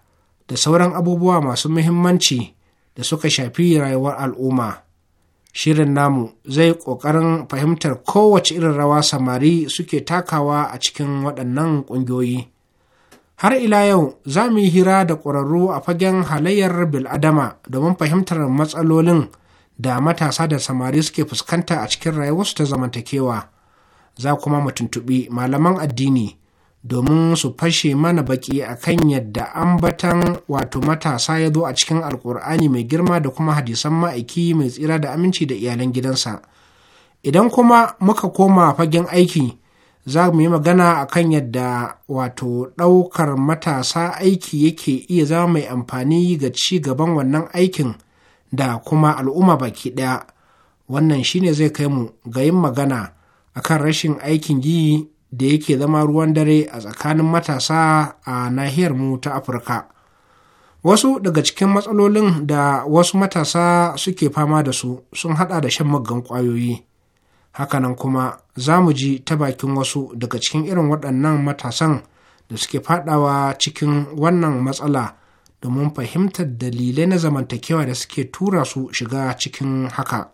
S5: da sauran abubuwa masu muhimmanci da suka shafi rayuwar al'umma Shirin namu zai ƙoƙarin fahimtar kowace irin rawa samari suke takawa a cikin waɗannan ƙungiyoyi. Har ila yau za mu yi hira da ƙwararru a fagen halayyar bil'adama domin fahimtar matsalolin da matasa da samari suke fuskanta a cikin rayuwarsu ta zamantakewa. Za kuma mu tuntuɓi malaman addini. domin su fashe mana baki a kan yadda ambatan wato matasa ya zo a cikin alkur'ani mai girma da kuma hadisan ma'aiki mai tsira da aminci da iyalan gidansa idan kuma muka koma fagen aiki za mu yi magana a kan yadda wato ɗaukar matasa aiki yake iya zama mai amfani ga ci gaban wannan aikin da kuma al'umma baki ɗaya wannan shine zai kai mu ga yin magana akan rashin aikin yi da yake zama ruwan dare a tsakanin matasa a nahiyar mu ta afirka wasu daga cikin matsalolin da wasu matasa suke fama da su sun hada da shan ƙwayoyi kwayoyi hakanan kuma za mu ji ta bakin wasu daga cikin irin waɗannan matasan da suke fadawa cikin wannan matsala domin fahimtar dalilai na zamantakewa da suke tura su shiga cikin haka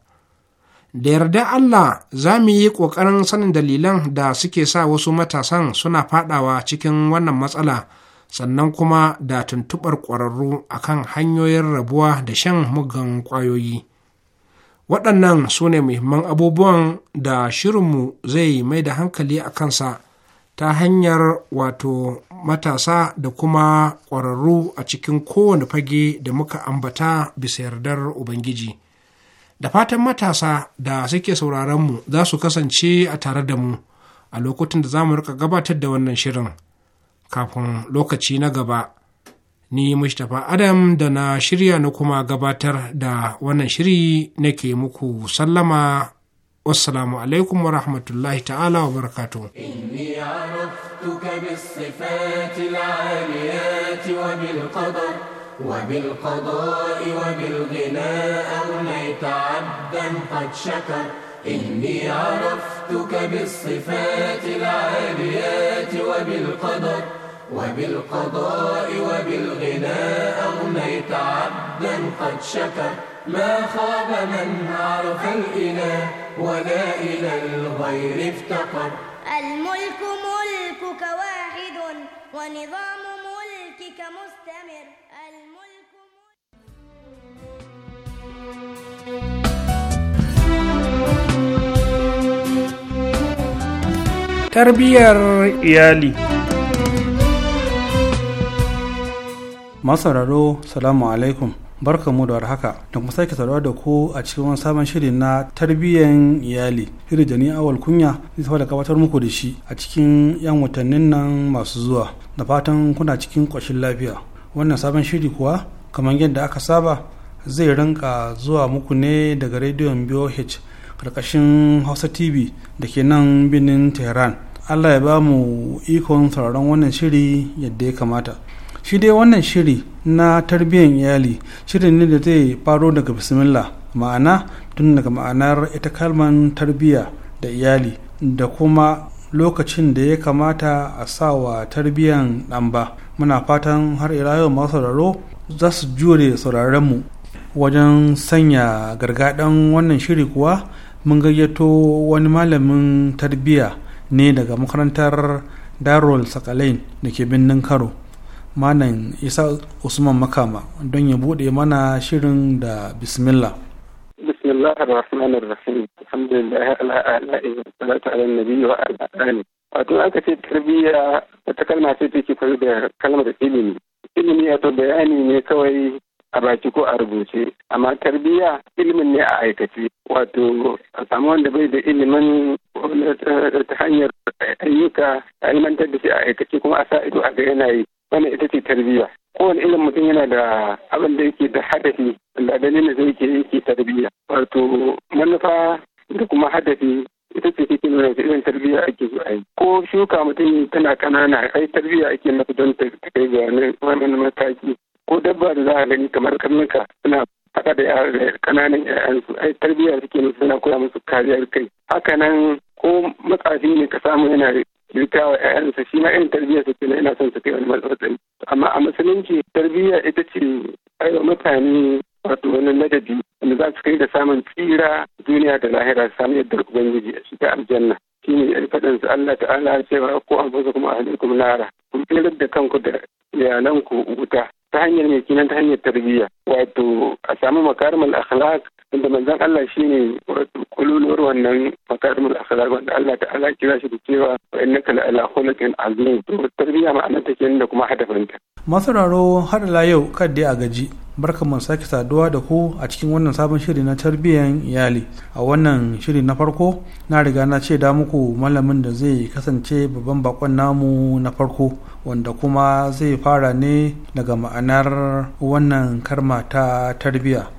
S5: da yarda Allah za mu yi ƙoƙarin sanin dalilan da suke sa wasu matasan suna faɗawa cikin wannan matsala sannan kuma da tuntuɓar ƙwararru akan hanyoyin rabuwa da shan mugan ƙwayoyi. Waɗannan su ne muhimman abubuwan da shirinmu zai mai da hankali a kansa ta hanyar wato matasa da kuma ƙwararru a cikin kowane fage da muka ambata bisa yardar Ubangiji. da fatan matasa da suke sauraronmu za su kasance a tare da mu a lokacin da za mu rika gabatar da wannan shirin kafin lokaci na gaba ni mustapha adam da na shirya na kuma gabatar da wannan shiri nake muku sallama wasu alaikum wa rahmatullahi ta'ala wa barakatu بالصفات
S1: العاليات وبالقدر وبالقضاء وبالغناء أغنيت عبدا قد شكر إني عرفتك بالصفات العاليات وبالقدر وبالقضاء وبالغناء أغنيت عبدا قد شكر ما خاب من عرف الإله ولا
S5: إلى الغير افتقر
S1: الملك ملكك واحد ونظام ملكك مستمر
S9: tarbiyyar iyali Masararo salamu alaikum barkamu da warhaka da kuma sake saurara da ku a cikin wani sabon shirin na tarbiyyar iyali iri da ni awal kunya zai da gabatar muku da shi a cikin yan watannin nan masu zuwa da fatan kuna cikin ƙoshin lafiya wannan sabon shiri kuwa kamar yadda aka saba zai rinka zuwa muku ne daga rediyon boh karkashin hausa tv da ke nan binin tehran allah ya ba mu ikon sauraron wannan shiri yadda ya kamata shi dai wannan shiri na tarbiyyar iyali shirin ne da zai faro daga bismillah ma'ana tun daga ma'anar ita kalman tarbiyya da iyali da kuma lokacin da ya kamata a sawa tarbiyyar ɗan ba muna fatan har ila yau masu sauraro za su jure sauraronmu wajen sanya gargaɗin wannan shiri kuwa mun gayyato wani malamin tarbiyya ne daga makarantar darul sakalain da ke birnin karo manan isa usman makama don ya buɗe mana shirin da bismillah
S10: bismillah ar-rahman ar-rahim alhamdulillah ala'a'i salatu ala nabi wa ala'ani wato aka ce tarbiyya ta kalma ce take koyi da kalmar ilimi ilimi wato bayani ne kawai a baki ko a rubuce amma tarbiyya ilimin ne a aikace wato a samu wanda bai da ilimin eh, ta hanyar ayyuka a ilimantar da shi a aikace kuma a sa ido a ga yana wannan ita ce tarbiyya kowane ilimin mutum yana da abin da yake da hadafi da ganin da zai ke yake tarbiyya wato manufa da kuma hadafi ita ce take nuna ta irin tarbiyya ake so a yi ko shuka mutum tana kanana ai tarbiyya ake mata don ta kai ga wannan mataki ko dabba da za a gani kamar karnuka suna haɗa da kananan yayansu ai tarbiyya ke musu suna koya musu kariyar kai haka nan ko matsafi ne ka samu yana rika wa yayansa shi ma irin tarbiyya suke na yana son su kai wani matsatsari amma a musulunci tarbiyya ita ce aiwa mutane wato wani madadi wanda za su kai da samun tsira duniya da lahira su samu yadda ubangiji a shiga aljanna shi ne faɗin su Allah ta'ala cewa ko an fasa kuma kuma nara kun tsirar da kanku da iyalanku wuta ta hanyar mai kinan ta hanyar tarbiyya wato a samu makarimar akhlaq inda manzon Allah shine kululuwar wannan makarimul akhlaq wanda Allah ta'ala kira shi da cewa innaka la ala khuluqin azim to tarbiyya ma'anar take da kuma hadafinta
S9: raro har la yau kad dai a gaji barka mu sake saduwa da ku a cikin wannan sabon shiri na tarbiyyar iyali a wannan shiri na farko na riga na ce da muku malamin da zai kasance babban bakon namu na farko wanda kuma zai fara ne daga ma'anar wannan karma ta tarbiyya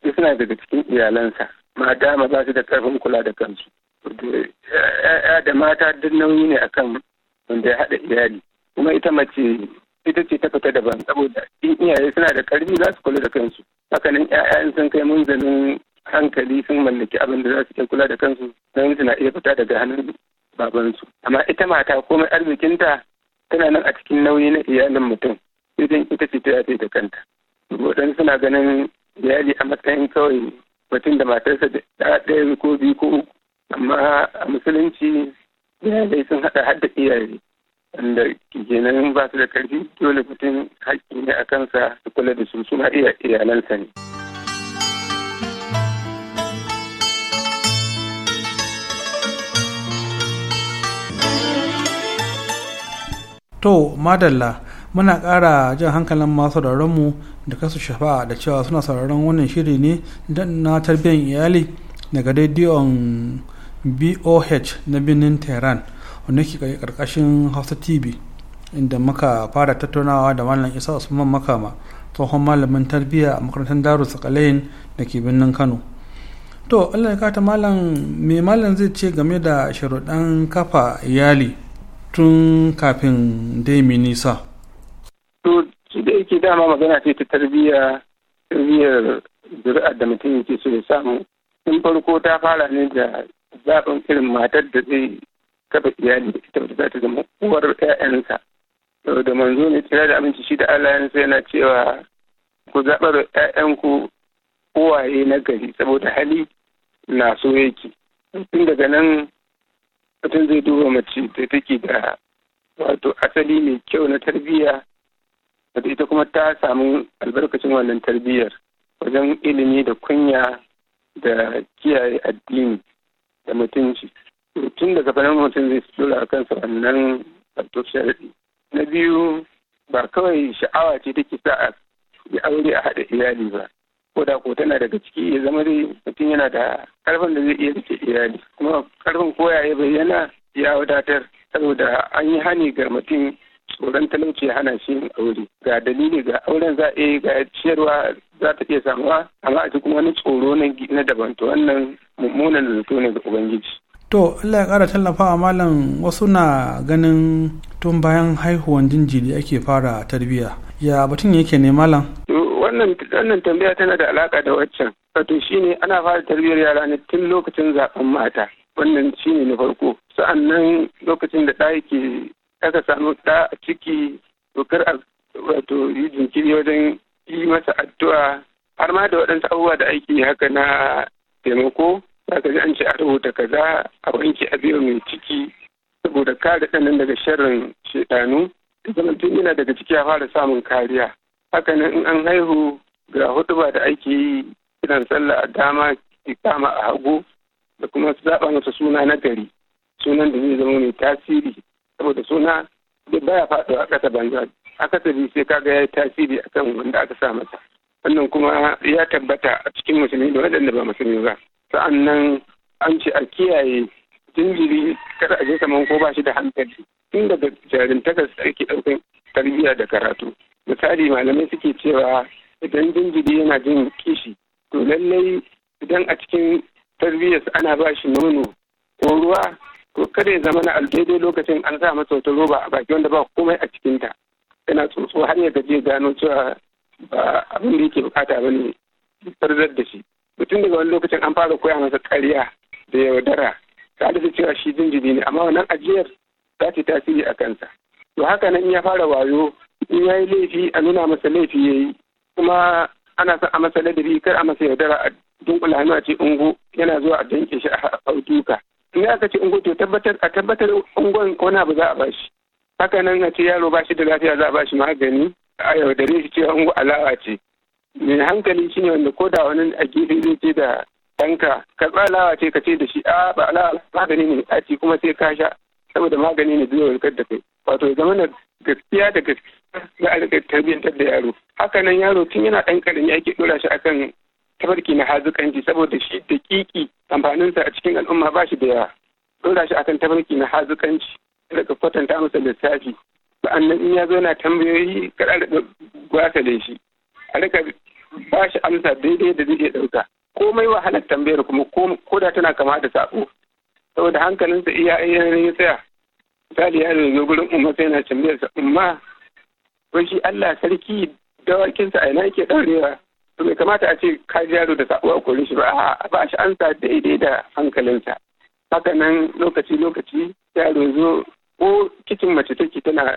S10: duk suna daga cikin iyalansa mata ma ba su da karfin kula da kansu ya da mata duk nauyi ne akan wanda ya haɗa iyali kuma ita mace ita ce ta fita daban saboda in iyaye suna da karfi za su kula da kansu hakanan ƴaƴan sun kai mun munzalin hankali sun mallaki abin da za su kula da kansu don suna iya fita daga hannun babansu amma ita mata komai arzikinta tana nan a cikin nauyi na iyalin mutum idan ita ce ta yafe da kanta waɗansu suna ganin iyali a matsayin kawai mutum da matarsa da ɗaya ko biyu ko uku amma a musulunci iyalai sun haɗa hadda iyaye wanda kenan ba su da ƙarfi dole mutum haƙƙi ne a kansa su kula da su suna iya iyalansa ne.
S9: To, madalla, muna ƙara jan hankalin masu mu da kasu shafa da cewa suna sauraron wannan shiri ne na tarbiyyar iyali daga rediyon boh na birnin tehran wanda ke karkashin hausa tv inda muka fara tattaunawa da malam isa usman makama tsohon malamin tarbiyya a makarantar daru sakalayin da ke birnin kano to allah ya kata malam mai malam zai ce game da sharuɗan kafa iyali tun kafin dai nisa
S10: shi da yake dama magana ce ta tarbiyya tarbiyyar zuri'ar da mutum yake so ya samu in farko ta fara ne da zaɓin irin matar da zai kafa iyali da ita wata za ta zama uwar 'ya'yansa da manzo ne tsira da abinci shi da Allah yana cewa ku zaɓar 'ya'yanku uwaye na gari saboda hali na so yake tun daga nan mutum zai duba mace da take da wato asali mai kyau na tarbiyya wata ita kuma ta samu albarkacin wannan tarbiyyar wajen ilimi da kunya da kiyaye addini da mutunci tun daga fanar mutum zai dora a kansa wannan wato sharaɗi na biyu ba kawai sha'awa ce take sa a yi aure a haɗa iyali ba ko da ko tana daga ciki ya zama dai mutum yana da ƙarfin da zai iya rike iyali kuma ƙarfin koya ya bayyana ya wadatar saboda an yi hani ga mutum tsoron talauci ya hana shi yin aure ga dalili ga auren za a eh, yi ga ciyarwa za ta iya samuwa amma a kuma wani tsoro na daban to wannan mummunan zato ne ga ubangiji
S9: to Allah ya kara tallafawa malam wasu na ganin tun bayan haihuwan jinjiri ake fara tarbiyya ya batun yake ne malam
S10: wannan tambaya tana da alaka da waccan wato shine ana fara tarbiyar yara ne tun lokacin zaben mata wannan ne na farko sa'annan lokacin da ɗa yake aka samu ɗa a ciki dokar kar a wato yi jinkiri wajen yi masa addu'a har ma da waɗansu abubuwa da aiki haka na taimako za ka ji an ce a rubuta kaza a wanke a biyo mai ciki saboda kare nan daga sharrin shaidanu da zaman tun yana daga ciki a fara samun kariya haka nan in an haihu ga huɗuba da ake yi kiran sallah a dama kama a hagu da kuma zaɓa masa suna na gari sunan da zai zama mai tasiri saboda suna duk baya a ƙasa banza akasari sai kaga ya yi tasiri kan wanda aka sa masa wannan kuma ya tabbata a cikin musulmi da waɗanda ba musulmi ba Sa'annan nan an ce a kiyaye jinjiri kada a je saman ko ba shi da hankali tun daga jarintakar ake ɗaukan tarbiyya da karatu misali malamai suke cewa idan jinjiri yana jin kishi to lallai idan a cikin tarbiyyarsu ana ba shi nono ko ruwa to kada ya zama na aldaidai lokacin an sa masa wata roba a baki wanda ba komai a cikinta yana tsotso har ya gaji gano cewa ba abin da yake bukata ba ne tarzar da shi mutum daga wani lokacin an fara koya masa karya da yaudara ta da cewa shi jinjiri ne amma wannan ajiyar za ta tasiri a kansa to haka nan ya fara wayo in ya yi laifi a nuna masa laifi ya yi kuma ana son a masa ladabi kar a masa yaudara a dunkula hannu a ce ungu yana zuwa a danke shi a duka in aka ce ungo to tabbatar a tabbatar ungon wani abu za a bashi haka nan a ce yaro bashi da lafiya za a bashi magani a yaudare shi cewa ungo alawa ce mai hankali shine wanda ko da wani a gefe zai ce da ɗanka karɓa alawa ce ka ce da shi a ba alawa magani ne a ci kuma sai ka sha saboda magani ne zai warkar da kai wato zama na gaskiya da gaskiya za a riƙa tarbiyyantar da yaro haka nan yaro tun yana ɗan ƙarami ake ɗora shi akan tafarki na hazukanci saboda shi da kiki amfaninsa a cikin al'umma ba shi da yawa dora shi akan tafarki na hazukanci daga kwatanta masa lissafi ba'annan in ya zo na tambayoyi kada da gwasale shi a rika ba shi amsa daidai da zai iya ɗauka komai wahalar tambayar kuma ko da tana kama da saƙo. saboda hankalinsa iya ya tsaya misali ya zo gurin umma sai na tambayar sa umma wai shi Allah sarki dawakinsa a ina yake ɗaurewa bai kamata a ce ka yaro da sabo a shi ba a ba shi ansa daidai da hankalinsa haka nan lokaci lokaci yaro zo ko cikin mace take tana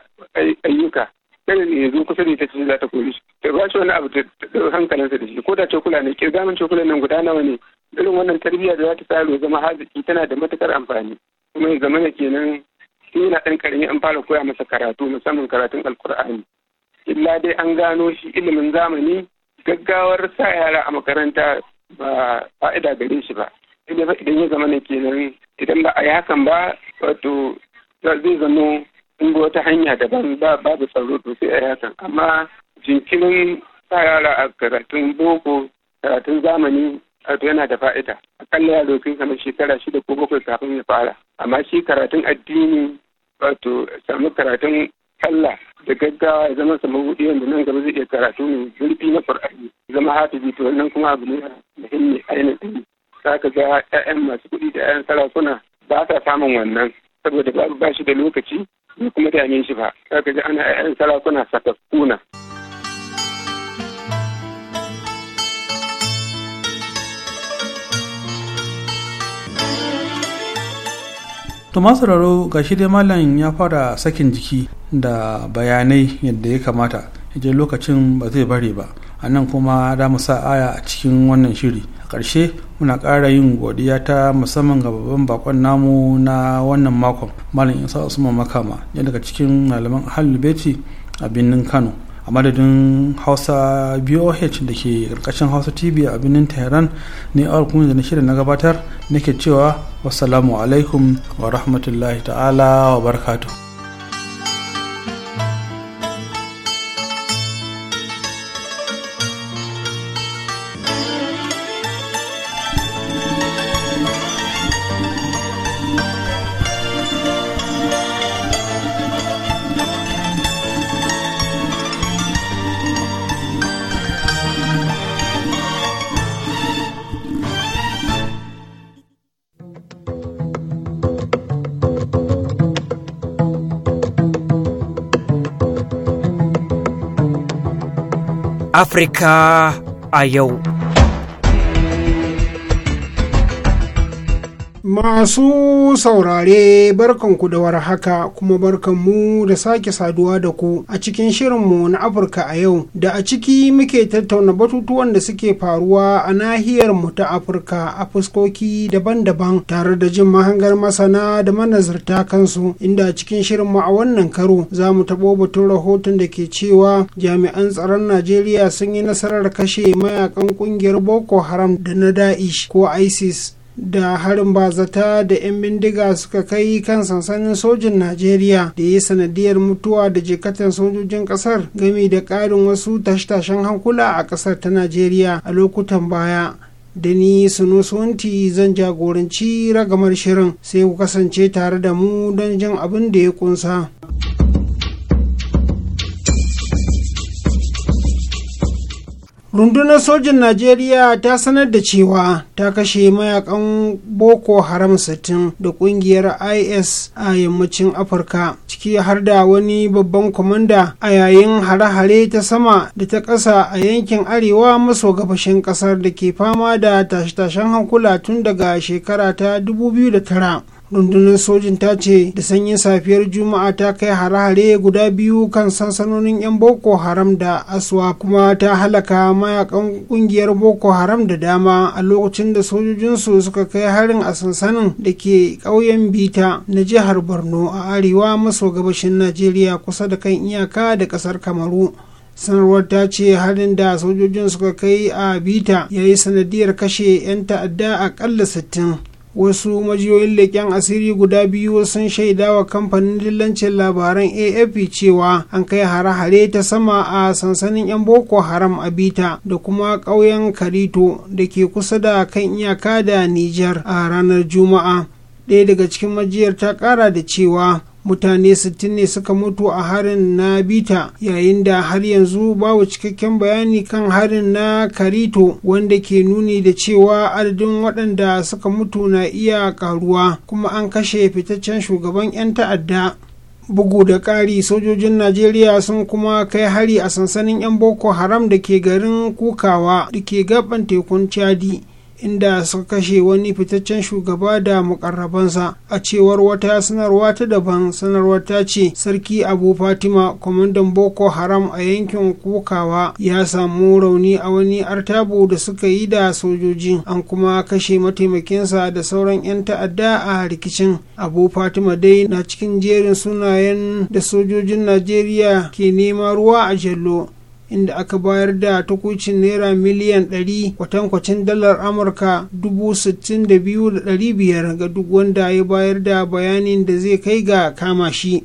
S10: ayyuka kada ne zo kusa da ta ce za ta kori shi ta ba shi wani abu da hankalinsa da shi ko da cokula ne ke min cokula nan guda nawa ne irin wannan tarbiyya da za ta tsaro zama haziki tana da matukar amfani kuma ya zama kenan shi yana ɗan karami an fara koya masa karatu musamman karatun alkur'ani illa dai an gano shi ilimin zamani gaggawar sa yara a makaranta ba fa'ida gare shi ba idan ya zama ne kenan idan ba a yi hakan ba wato zai zama in wata hanya daban babu tsaro to a yakan amma jinkirin sa yara a karatun boko karatun zamani wato yana da fa'ida akalla ya dokin kamar shekara shida ko bakwai kafin ya fara amma shi karatun addini wato samu karatun Allah da gaggawa ya zama samu buɗe wanda nan gaba zai iya karatu mai zurfi na Qur'ani zama hafizi to wannan kuma abu ne muhimmi ainihin ka ga 'ya'yan masu kuɗi da 'ya'yan sarakuna ba sa samun wannan saboda babu ba shi da lokaci kuma da shi ba ka ga ana 'ya'yan sarakuna sakakkuna.
S9: Thomas raro ga shi dai malam ya fara sakin jiki da bayanai yadda ya kamata je lokacin ba zai bare ba a nan kuma da mu sa aya a cikin wannan shiri a ƙarshe muna ƙara yin godiya ta musamman ga babban bakon namu na wannan makon malam isa usman makama ya daga cikin malaman halibeti a birnin kano a madadin hausa boh da ke karkashin hausa tv a birnin tehran ne awar kuma da na shirin na gabatar nake cewa wassalamu alaikum wa rahmatullahi ta'ala wa barkatu.
S11: Africa Ayo.
S2: Masu saurare barkanku da war haka kuma barkanmu da sake saduwa da ku a cikin shirinmu na Afirka a yau da a ciki muke tattauna batutuwan da suke faruwa a nahiyar mu ta Afirka a fuskoki daban-daban tare da jin mahangar masana da manazarta kansu inda a cikin shirinmu a wannan karo za mu taɓo batun rahoton da ke cewa jami'an tsaron Najeriya sun yi nasarar kashe mayakan ƙungiyar Boko Haram da na Da'ish ko ISIS da harin bazata da 'yan bindiga suka kai kan sansanin sojin najeriya da ya sanadiyar mutuwa da jikatan sojojin kasar gami da ƙarin wasu tashe hankula a kasar ta najeriya a lokutan baya da ni suno suwanti zan jagoranci ragamar shirin sai ku kasance tare da mu don jin abin da ya kunsa. rundunar sojin najeriya ta sanar da cewa ta kashe mayakan boko haram 60 da kungiyar is a yammacin afirka ciki har da wani babban kwamanda a yayin hare-hare ta sama da ta ƙasa a yankin arewa maso gabashin ƙasar da ke fama da tashe-tashen hankula tun daga shekara ta 2009 rundunar sojin ta ce da sanyin safiyar juma'a ta kai hare-hare guda biyu kan sansanonin 'yan boko haram da aswa kuma ta halaka mayakan kungiyar boko haram da dama a lokacin da sojojinsu suka kai harin a sansanin da ke ƙauyen bita na jihar borno a arewa maso gabashin najeriya kusa da kan iyaka da ƙasar kamaru sanarwar ta ce harin da sojojin suka kai a bita ya yi sanadiyar kashe 'yan ta'adda aƙalla 60 wasu majiyoyin leƙen asiri guda biyu sun shaida wa kamfanin dillancin labaran afp cewa an kai hare-hare ta sama a sansanin 'yan boko haram a bita da kuma ƙauyen karito da ke kusa da kan iyaka da nijar a ranar juma'a ɗaya daga cikin majiyar ta ƙara da cewa mutane 60 ne suka mutu a harin na bita yayin da har yanzu babu cikakken bayani kan harin na karito wanda ke nuni da cewa adadin waɗanda suka mutu na iya karuwa kuma an kashe fitaccen shugaban 'yan ta'adda bugu da ƙari sojojin najeriya sun kuma kai hari a sansanin 'yan boko haram da ke garin kukawa da ke gaban tekun chadi inda suka kashe wani fitaccen shugaba da mukarrabansa a cewar wata sanarwa ta daban sanarwar ta ce sarki abu fatima kwamandan boko haram a yankin kokawa ya samu rauni a wani artabu da suka yi da sojoji an kuma kashe mataimakinsa da sauran 'yan ta'adda a rikicin abu fatima dai na cikin jerin sunayen da sojojin najeriya ke nema ruwa a jallo inda aka bayar da takucin naira miliyan 100 kwatankwacin dalar amurka 62,500 ga duk wanda ya bayar da bayanin da zai kai ga kama shi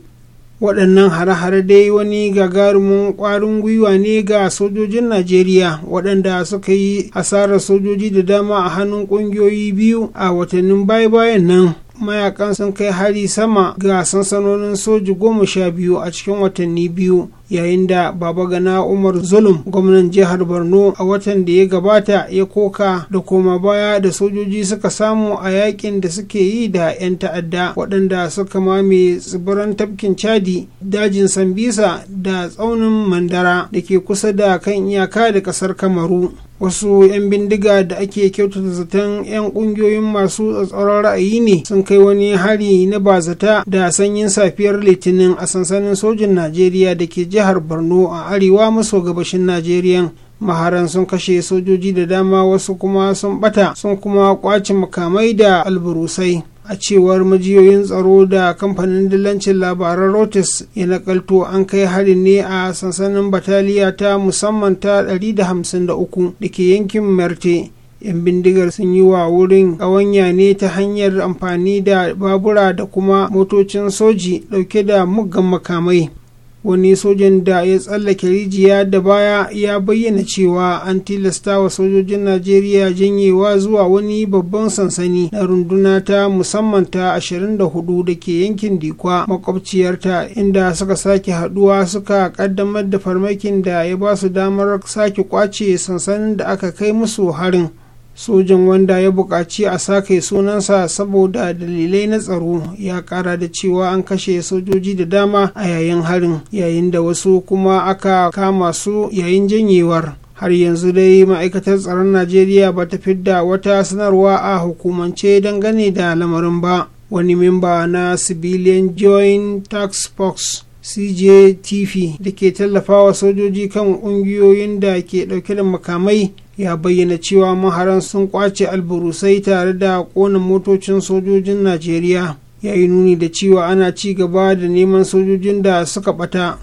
S2: waɗannan hare-hare dai wani gagarumin ƙwarin gwiwa ne ga sojojin najeriya waɗanda suka yi asarar sojoji da dama a hannun ƙungiyoyi biyu a watannin baya-bayan nan mayakan sun kai hari sama ga sansanonin soji goma sha biyu a cikin watanni biyu yayin da baba gana umar zulum gwamnan jihar borno a watan da ya gabata ya koka da koma baya da sojoji suka samu a yakin da suke yi da 'yan ta'adda waɗanda suka mame tsibiran tafkin chadi dajin sambisa da tsaunin mandara da ke kusa da kan iyaka da ƙasar kamaru wasu 'yan bindiga da ake kyautata zaton 'yan ƙungiyoyin masu tsatsauran ra'ayi ne sun kai wani hari na bazata da sanyin safiyar litinin a sansanin sojin najeriya da ke jihar borno a arewa maso gabashin najeriya maharan sun kashe sojoji da dama wasu kuma sun bata sun kuma kwace makamai da alburusai a cewar majiyoyin tsaro da kamfanin dillancin labaran rotis ya nakalto an kai harin ne a sansanin bataliya ta musamman ta 153 da ke yankin merte 'yan bindigar sun yi wa wurin kawanya ne ta hanyar amfani da babura da kuma motocin soji dauke da muggan makamai wani sojan da ya tsallake rijiya da baya ya bayyana cewa an tilasta wa sojojin najeriya janyewa zuwa wani babban sansani na runduna ta musamman ta 24 da ke yankin dikwa makwabciyarta inda suka sake haduwa suka kaddamar da farmakin da ya ba su damar sake kwace sansanin da aka kai musu harin sojan wanda ya buƙaci a sake sunansa saboda dalilai na tsaro ya ƙara da cewa an kashe sojoji da dama a yayin harin yayin da wasu kuma aka kama su yayin janyewar har yanzu dai ma'aikatar tsaron najeriya ba ta fidda wata sanarwa a hukumance dangane da lamarin ba wani memba na civilian joint tax box cjtv da ke tallafawa sojoji kan ƙungiyoyin da ke ɗauke da makamai ya bayyana cewa maharan sun kwace alburusai tare da kona motocin sojojin najeriya ya yi nuni da cewa ana ci gaba da neman sojojin da suka bata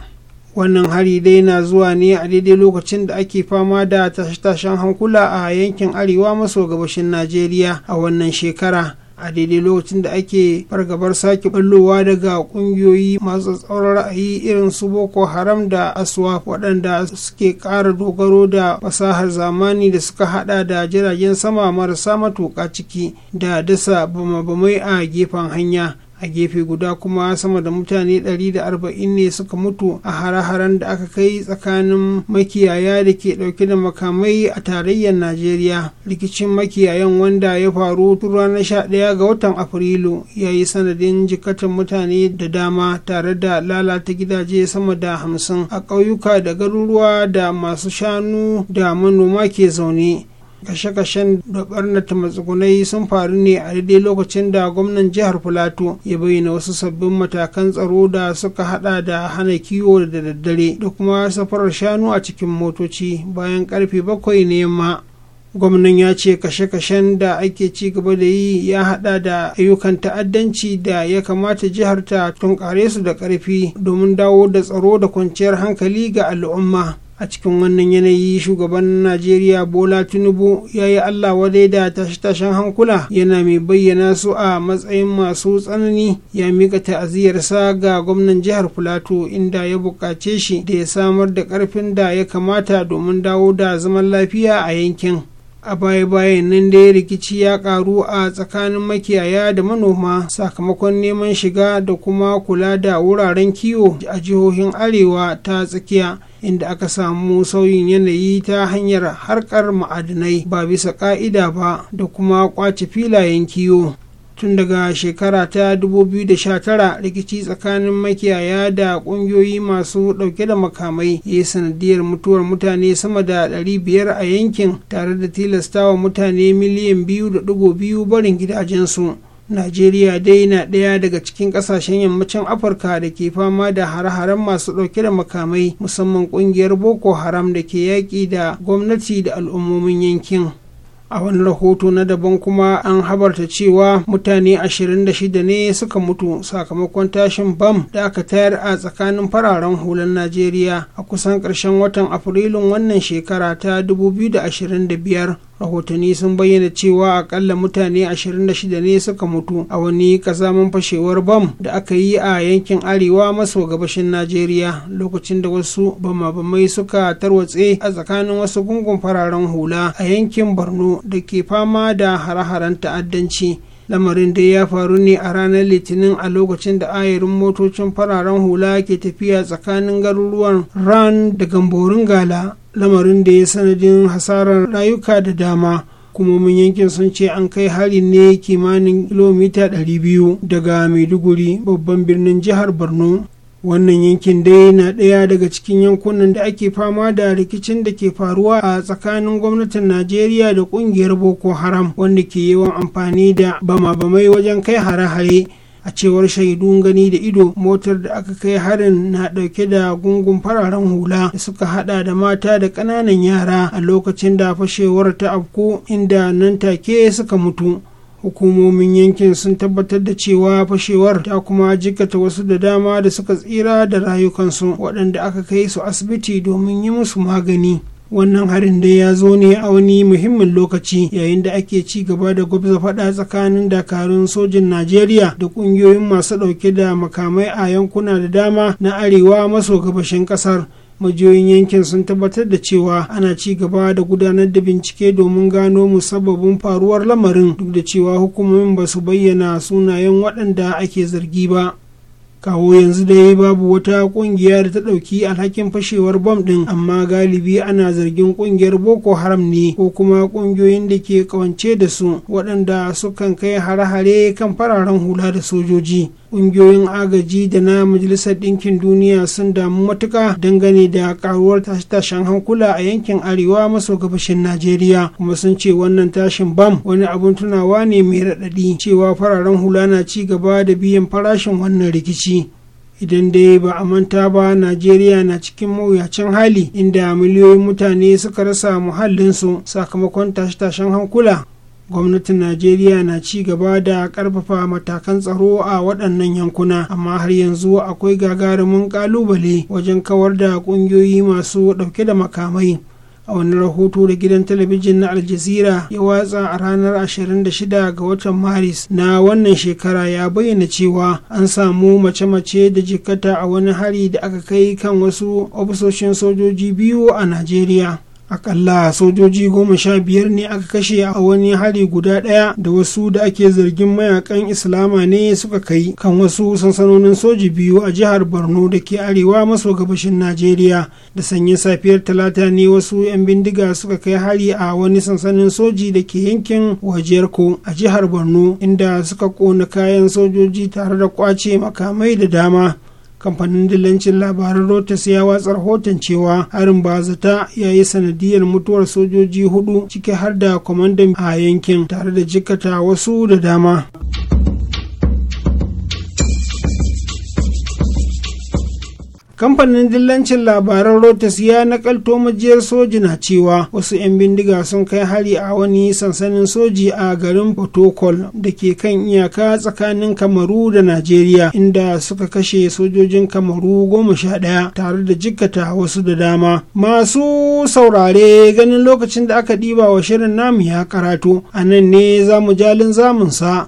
S2: wannan hari dai na zuwa ne a daidai lokacin da ake fama da tashe-tashen hankula a yankin arewa maso gabashin najeriya a wannan shekara a daidai lokacin da ake fargabar sake ballowa daga ƙungiyoyi masu tsaurar ra'ayi irin su boko haram da asuwa waɗanda suke ƙara dogaro da fasahar zamani da suka haɗa da jiragen sama marasa matuƙa ciki da dasa bama-bamai a gefen hanya a gefe guda kuma sama da mutane 140 ne suka mutu a hare-haren da aka kai tsakanin makiyaya da ke dauke da makamai a tarayyar najeriya rikicin makiyayan wanda ya faru tun ranar 11 ga watan afrilu ya yi sanadin jikatan mutane da dama tare da lalata gidaje sama da hamsin a ƙauyuka da garuruwa da masu shanu da manoma ke zaune kashe-kashen da barnata matsugunai sun faru ne a daidai lokacin da gwamnan jihar filato ya bayyana wasu sabbin matakan tsaro da suka hada da hana kiwo da daddare da kuma safarar shanu a cikin motoci bayan karfe bakwai na yamma gwamnan ya ce kashe-kashen da ake ci gaba da yi ya hada da ayyukan ta'addanci da ya kamata jihar ta tunkare su da karfi domin dawo da tsaro da kwanciyar hankali ga al'umma a cikin wannan yanayi shugaban najeriya bola tinubu ya yi allah wadai da tashe-tashen hankula yana mai bayyana su a matsayin masu tsanani ya mika ta'aziyarsa ga gwamnan jihar filato inda ya buƙace shi da ya samar da ƙarfin da ya kamata domin dawo da zaman lafiya a yankin a baya-bayan nan dai rikici ya karu a tsakanin makiyaya da manoma sakamakon neman shiga da kuma kula da wuraren kiwo a jihohin arewa ta tsakiya inda aka samu sauyin yanayi ta hanyar harkar ma'adinai ba bisa ka'ida ba da kuma kwace filayen kiwo tun daga shekara ta 2019 rikici tsakanin makiyaya da kungiyoyi masu dauke da makamai ya yi sanadiyar mutuwar mutane sama da 500 a yankin tare da tilastawa mutane miliyan 2.2 barin gidajensu najeriya dai na ɗaya daga cikin ƙasashen yammacin afirka da ke fama da hare-haren masu ɗauke da makamai musamman ƙungiyar boko haram da ke yaƙi da gwamnati da al'ummomin yankin a wani rahoto na daban kuma an habarta cewa mutane 26 ne suka mutu sakamakon tashin bam da aka tayar a tsakanin fararen hulan najeriya a kusan ƙarshen watan afrilun wannan shekara ta 2025 rahotanni sun bayyana cewa akalla mutane 26 ne suka mutu a wani kasamin fashewar bam da aka yi a yankin arewa maso gabashin najeriya lokacin da wasu bamabamai suka tarwatse a tsakanin wasu gungun fararen hula a yankin borno da ke fama da hare-haren ta'addanci lamarin dai ya faru ne a ranar litinin a lokacin da ayarin motocin fararen hula ke tafiya tsakanin garuruwan ran da gamborin gala lamarin da ya sanadin hasarar rayuka da dama kuma mun yankin sun ce an kai hari ne kimanin kilomita 200 daga maiduguri babban birnin jihar borno wannan yankin dai na ɗaya daga cikin yankunan da ake fama da rikicin da ke faruwa a tsakanin gwamnatin najeriya da ƙungiyar boko haram wanda ke yawan amfani da bama-bamai wajen kai hare-hare a cewar shaidun gani da ido motar da aka kai harin na dauke da gungun fararen hula da suka hada da mata da kananan yara a lokacin da fashewar ta afku inda nan take suka mutu hukumomin yankin sun tabbatar da cewa fashewar ta kuma jikata wasu da dama da suka tsira da rayukansu waɗanda aka kai su asibiti domin yi musu magani wannan harin dai ya zo ne a wani muhimmin lokaci yayin da ake ci gaba da gwabza faɗa tsakanin dakarun sojin najeriya da ƙungiyoyin masu ɗauke da makamai a yankuna da dama na arewa maso gabashin ƙasar majiyoyin yankin sun tabbatar da cewa ana ci gaba da gudanar da bincike domin gano musabbabin faruwar lamarin duk da cewa hukumomin ba su bayyana sunayen waɗanda ake zargi ba kawo yanzu dai babu wata kungiya da ta ɗauki alhakin fashewar bom ɗin amma galibi ana zargin kungiyar boko haram ne ko kuma kungiyoyin da ke kawance da su waɗanda sukan kai hare-hare kan fararen hula da sojoji ƙungiyoyin agaji da na majalisar ɗinkin duniya sun damu matuka dangane da karuwar tashen hankula a yankin arewa maso gabashin najeriya kuma sun ce wannan tashin bam wani abun tunawa ne mai raɗaɗi cewa fararen hula na ci gaba da biyan farashin wannan rikici idan dai ba a manta ba najeriya na cikin mawuyacin hali inda miliyoyin mutane suka rasa muhallinsu sakamakon tashe-tashen hankula gwamnatin najeriya na ci gaba da karfafa matakan tsaro a waɗannan yankuna amma har yanzu akwai gagarumin kalubale wajen kawar da ƙungiyoyi masu ɗauke da makamai a wani rahoto da gidan talabijin na aljazira ya watsa a ranar 26 ga watan maris na wannan shekara ya bayyana cewa an samu mace-mace da jikata a wani hari da aka kai kan wasu ofisoshin sojoji biyu a najeriya akalla sojoji goma sha biyar ne aka kashe a wani hari guda ɗaya da wasu da ake zargin mayakan islama ne suka kai kan wasu sansanonin soji biyu a jihar borno da ke arewa maso gabashin najeriya da sanyin safiyar talata ne wasu 'yan bindiga suka kai hari a wani sansanin soji da ke yankin wajerko a jihar borno inda suka kona kayan sojoji tare da kwace makamai da dama kamfanin dillancin labaran Reuters ya watsa rahoton cewa harin bazata ya yi sanadiyar mutuwar sojoji hudu ciki har da kwamandan a yankin tare da jikata wasu da dama. kamfanin dillancin labaran Rotas ya nakalto majiyar soji na cewa wasu 'yan bindiga sun kai hari a wani sansanin soji a garin protocol da ke kan iyaka tsakanin kamaru da najeriya inda suka kashe sojojin kamaru goma sha ɗaya tare da jikkata wasu da dama masu saurare ganin lokacin da aka ɗiba wa shirin namu ya karatu a nan ne zamu jalin zamunsa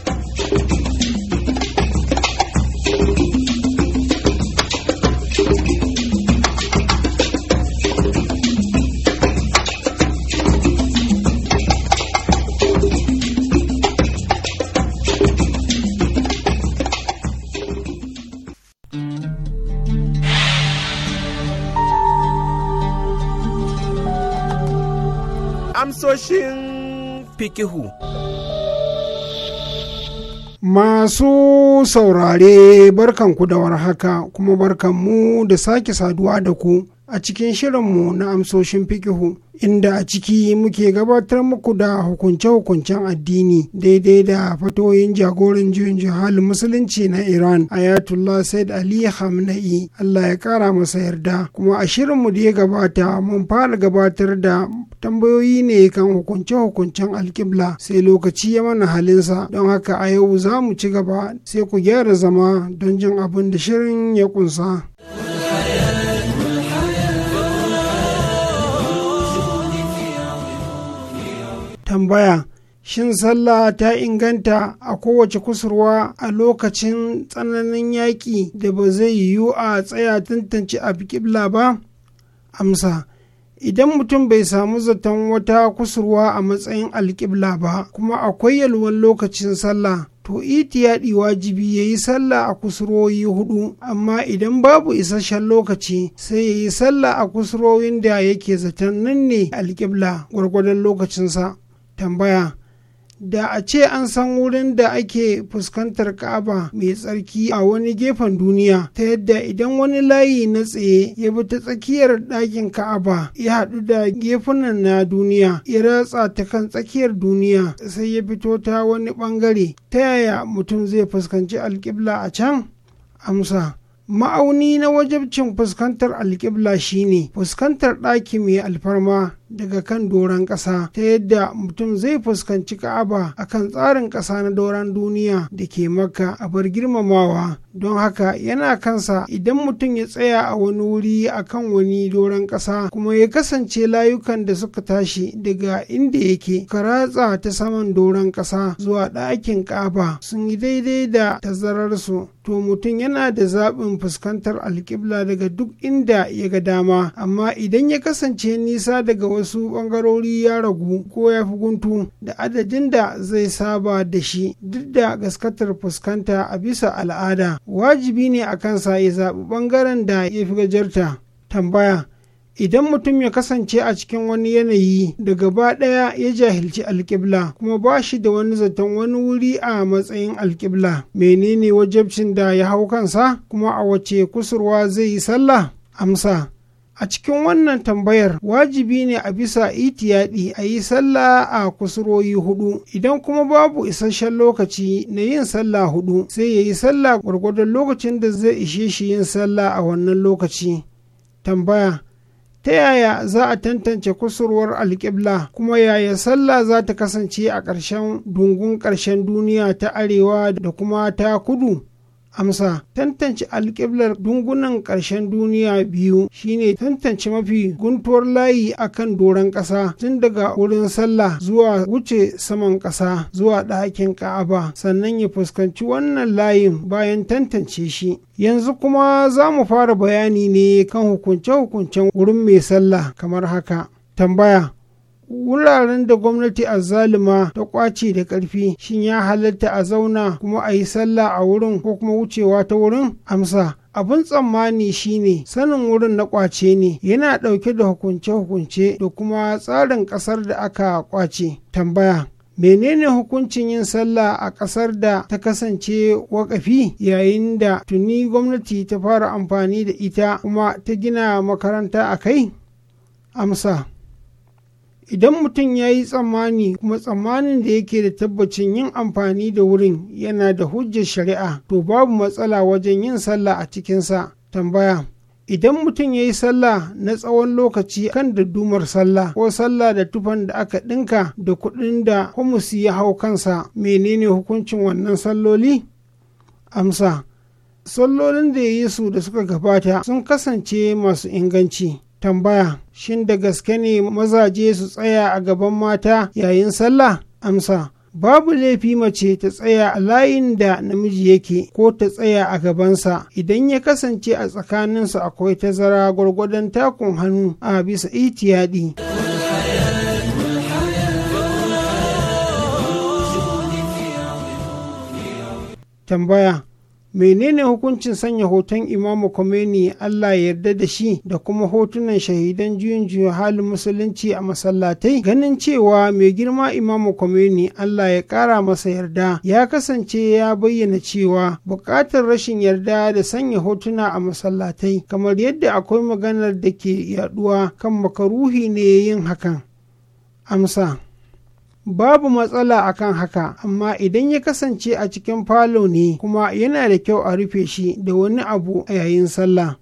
S2: fikihu. Masu saurare barkanku da warhaka kuma barkanmu da sake saduwa da ku a cikin shirinmu na amsoshin fikihu inda a ciki muke gabatar muku da hukunce-hukuncen addini daidai da fatoyin jagoran juyin jihal musulunci na iran ayatullah said ali hamna'i allah ya kara masa yarda kuma a shirinmu da ya gabata mun fara gabatar da tambayoyi ne kan hukunce-hukuncen alkibla sai lokaci ya mana halinsa don haka a yau za mu ci gaba sai ku gyara zama don jin abin da shirin ya kunsa. tambaya shin sallah ta inganta a kowace kusurwa a lokacin tsananin yaƙi da ba zai yiwu a tsaya tantance a ƙibla ba amsa idan mutum bai samu zaton wata kusurwa a matsayin alƙibla ba kuma akwai yalwan lokacin sallah to itiyaɗi wajibi ya yi sallah a kusurwoyi hudu amma idan babu isasshen lokaci sai ya yi sallah a kusurwoyin da yake zaton nan ne alƙibla gwargwadon lokacinsa tambaya da a ce an san wurin da ake fuskantar ka'aba mai tsarki a wani gefen duniya ta yadda idan wani layi na tsaye ya bi ta tsakiyar ɗakin ka'aba ya haɗu da gefunan na duniya ya ratsa ta kan tsakiyar duniya sai ya fito ta wani ɓangare ta yaya mutum zai fuskanci alƙibla a can amsa ma'auni na wajabcin fuskantar alƙibla shine fuskantar ɗaki mai alfarma daga kan doron ƙasa ta yadda mutum zai fuskanci ka'aba a kan tsarin ƙasa na doron duniya da ke maka a bar girmamawa don haka yana kansa idan mutum ya tsaya a wani wuri a kan wani doron ƙasa kuma ya kasance layukan da suka tashi daga inda yake ka ratsa ta saman doron ƙasa zuwa ɗakin ƙaba sun yi daidai da tazararsu to mutum yana da zaɓin fuskantar alƙibla daga duk inda ya ga dama amma idan ya kasance nisa daga wasu wasu bangarori ya ragu ko ya fi guntu da adadin da zai saba da shi duk da gaskatar fuskanta a bisa al'ada wajibi ne a kansa ya zaɓi bangaren da ya fi gajarta tambaya idan mutum ya kasance a cikin wani yanayi da gaba ɗaya ya jahilci alƙibla kuma ba shi da wani zaton wani wuri a matsayin alƙibla menene wajabcin da ya hau kansa kuma a wace kusurwa zai yi sallah amsa a cikin wannan tambayar wajibi ne a bisa itiyadi a yi sallah a kusuroyi hudu idan kuma babu isasshen lokaci na yin sallah hudu sai ya yi sallah gwargwadon lokacin da zai ishe shi yin sallah a wannan lokaci tambaya ta yaya za a tantance kusurwar alƙibla kuma yaya sallah za ta kasance a ƙarshen dungun ƙarshen duniya ta arewa da kuma ta kudu amsa tantance alƙiblar dungunan ƙarshen duniya biyu shine tantance mafi guntuwar layi akan doron ƙasa tun daga wurin sallah zuwa wuce saman ƙasa zuwa ɗakin ka'aba sannan ya fuskanci wannan layin bayan tantance shi yanzu kuma za mu fara bayani ne kan hukunce-hukuncen wurin mai sallah kamar haka tambaya wuraren da gwamnati a zalima ta kwace da ƙarfi shin ya halatta a zauna kuma a yi sallah a wurin ko kuma wucewa ta wurin amsa abin tsammani shine sanin wurin na kwace ne yana ɗauke da hukunce-hukunce da kuma tsarin ƙasar da aka kwace tambaya menene hukuncin yin sallah a ƙasar da ta kasance wakafi yayin da tuni gwamnati ta fara amfani da ita kuma ta gina makaranta a kai amsa idan mutum ya yi tsammani kuma tsammanin da yake da tabbacin yin amfani da wurin yana da hujjar shari'a to babu matsala wajen yin sallah a cikinsa tambaya idan mutum ya yi sallah na tsawon lokaci kan daddumar sallah ko sallah da tufan da aka ɗinka da kuɗin da humusi ya hau kansa menene hukuncin wannan salloli amsa sallolin da ya yi su da suka gabata sun kasance masu inganci tambaya shin da gaske ne mazaje su tsaya a gaban mata yayin sallah amsa babu laifi mace ta tsaya a layin da namiji yake ko ta tsaya a gabansa idan ya kasance a tsakaninsu akwai tazara gwargwadon takun hannu a bisa itiyadi. tambaya menene hukuncin sanya hoton imamu Khomeini Allah ya yarda da shi da kuma hotunan shahidan juyin juya halin musulunci a masallatai ganin cewa mai girma imamu Khomeini Allah ya kara masa yarda ya kasance ya bayyana cewa bukatar rashin yarda da sanya hotuna a masallatai kamar yadda akwai maganar da ke yaduwa kan makaruhi ne yin hakan amsa babu matsala akan haka amma idan ya kasance a cikin falo ne kuma yana da kyau a rufe shi da wani abu a yayin sallah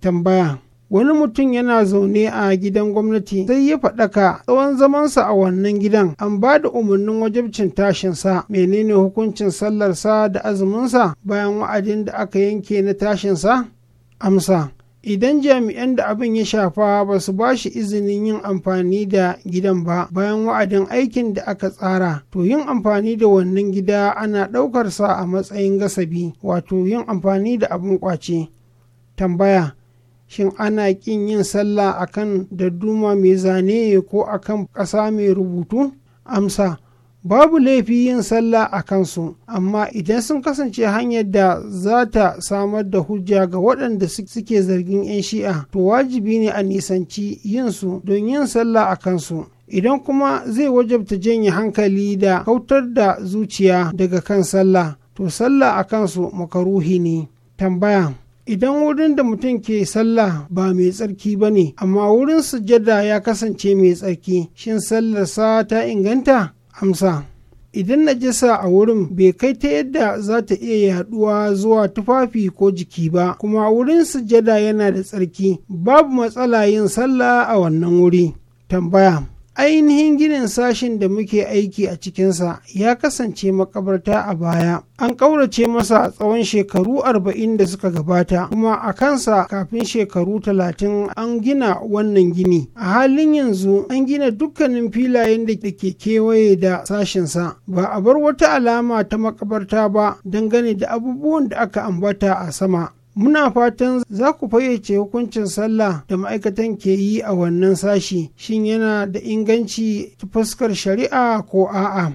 S2: tambaya wani mutum yana zaune a gidan gwamnati sai ya faɗaka tsawon zamansa a wannan gidan an ba da umarnin wajibcin tashinsa menene hukuncin sallarsa da azuminsa bayan wa'adin da aka yanke na tashinsa amsa idan jami'an da abin ya shafa ba su ba shi izinin yin amfani da gidan ba bayan wa'adin aikin da aka tsara to yin amfani da wannan gida ana ɗaukarsa a matsayin gasabi wato yin amfani da abin ƙwace tambaya shin ana ƙin yin sallah akan dadduma mai zane ko akan ƙasa mai rubutu amsa babu laifi yin sallah a kansu amma idan sun kasance hanyar da za ta samar da hujja ga waɗanda suke zargin 'yan shi'a to wajibi ne a nisanci yinsu don yin sallah a kansu idan kuma zai wajabta janye hankali da kautar da zuciya daga kan sallah to sallah a kansu makaruhi ne tambaya idan wurin da mutum ke sallah ba mai tsarki ba ne amma wurin sujada ya kasance mai tsarki shin sallarsa ta inganta hamsa idan najasa a wurin bai kai ta yadda za ta iya yaduwa zuwa tufafi ko jiki ba kuma wurin sujada yana da tsarki babu matsala yin sallah a wannan wuri tambaya ainihin ginin sashin da muke aiki a cikinsa ya kasance makabarta a baya an ƙaurace masa tsawon shekaru arba'in da suka gabata kuma a kansa kafin shekaru talatin an gina wannan gini a halin yanzu an gina dukkanin filayen da ke kewaye da sashinsa ba a bar wata alama ta makabarta ba dangane da abubuwan da aka ambata a sama Muna fatan za ku fayyace hukuncin sallah da ma'aikatan ke yi a wannan sashi, shin yana da inganci ta fuskar shari'a ko a'a.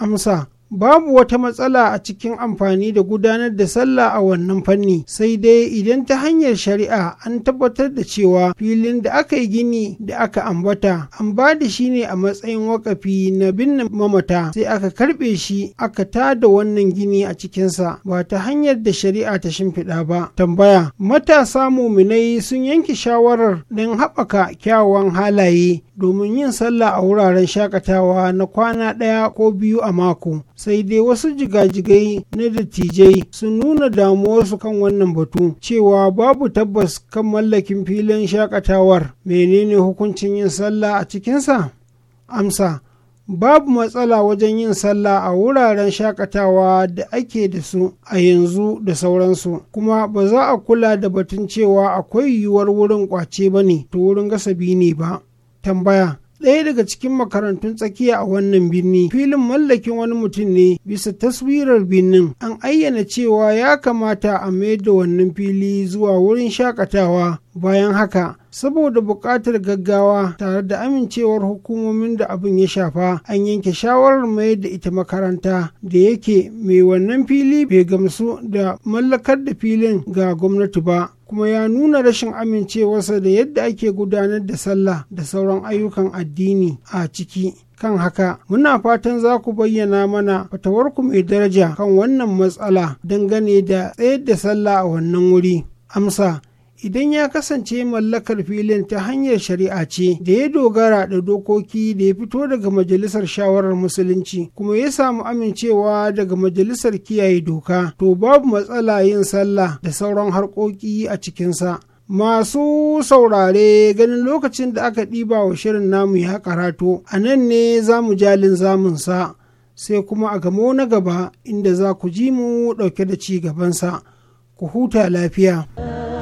S2: Amsa, babu wata matsala a cikin amfani da gudanar da sallah a wannan fanni sai dai idan ta hanyar shari'a an tabbatar da cewa filin da aka yi gini da aka ambata an ba da shi ne a matsayin wakafi na binne mamata sai aka karbe shi aka tada wannan gini a cikinsa ba ta hanyar da shari'a ta shimfiɗa ba tambaya matasa muminai sun yanke shawarar don haɓaka kyawawan halaye domin yin sallah a wuraren shakatawa na kwana ɗaya ko biyu a mako sai dai wasu jigajigai na dattijai sun nuna damuwarsu kan wannan batu cewa babu tabbas kan mallakin filin shakatawar menene hukuncin yin sallah a cikinsa amsa babu matsala wajen yin sallah a wuraren shakatawa da ake da su a yanzu da sauransu kuma ba za a kula da batun cewa akwai yiwuwar wurin kwace ba ne ta wurin gasabi ne ba tambaya ɗaya daga cikin makarantun tsakiya a wannan birni filin mallakin wani mutum ne bisa taswirar birnin an ayyana cewa ya kamata a mayar da wannan fili zuwa wurin shakatawa bayan haka saboda buƙatar gaggawa tare da amincewar hukumomin da abin ya shafa an yanke shawarar mayar da ita makaranta da yake mai wannan fili bai gamsu da mallakar da filin ga gwamnati ba kuma ya nuna rashin amincewarsa da yadda ake gudanar da sallah da sauran ayyukan addini a ciki kan haka muna fatan za ku bayyana mana fatawarku mai daraja kan wannan matsala dangane da tsayar da sallah a wannan wuri amsa idan ya kasance mallakar filin ta hanyar shari'a ce da ya dogara da dokoki da ya fito daga majalisar shawarar musulunci kuma ya samu amincewa daga majalisar kiyaye doka to babu matsala yin sallah da sauran harkoki a cikinsa masu saurare ganin lokacin da aka ɗiba wa shirin namu ya karato a nan ne za mu jalin zamunsa sai kuma a gamo na gaba inda za ku ji mu ɗauke da ci gabansa ku huta lafiya.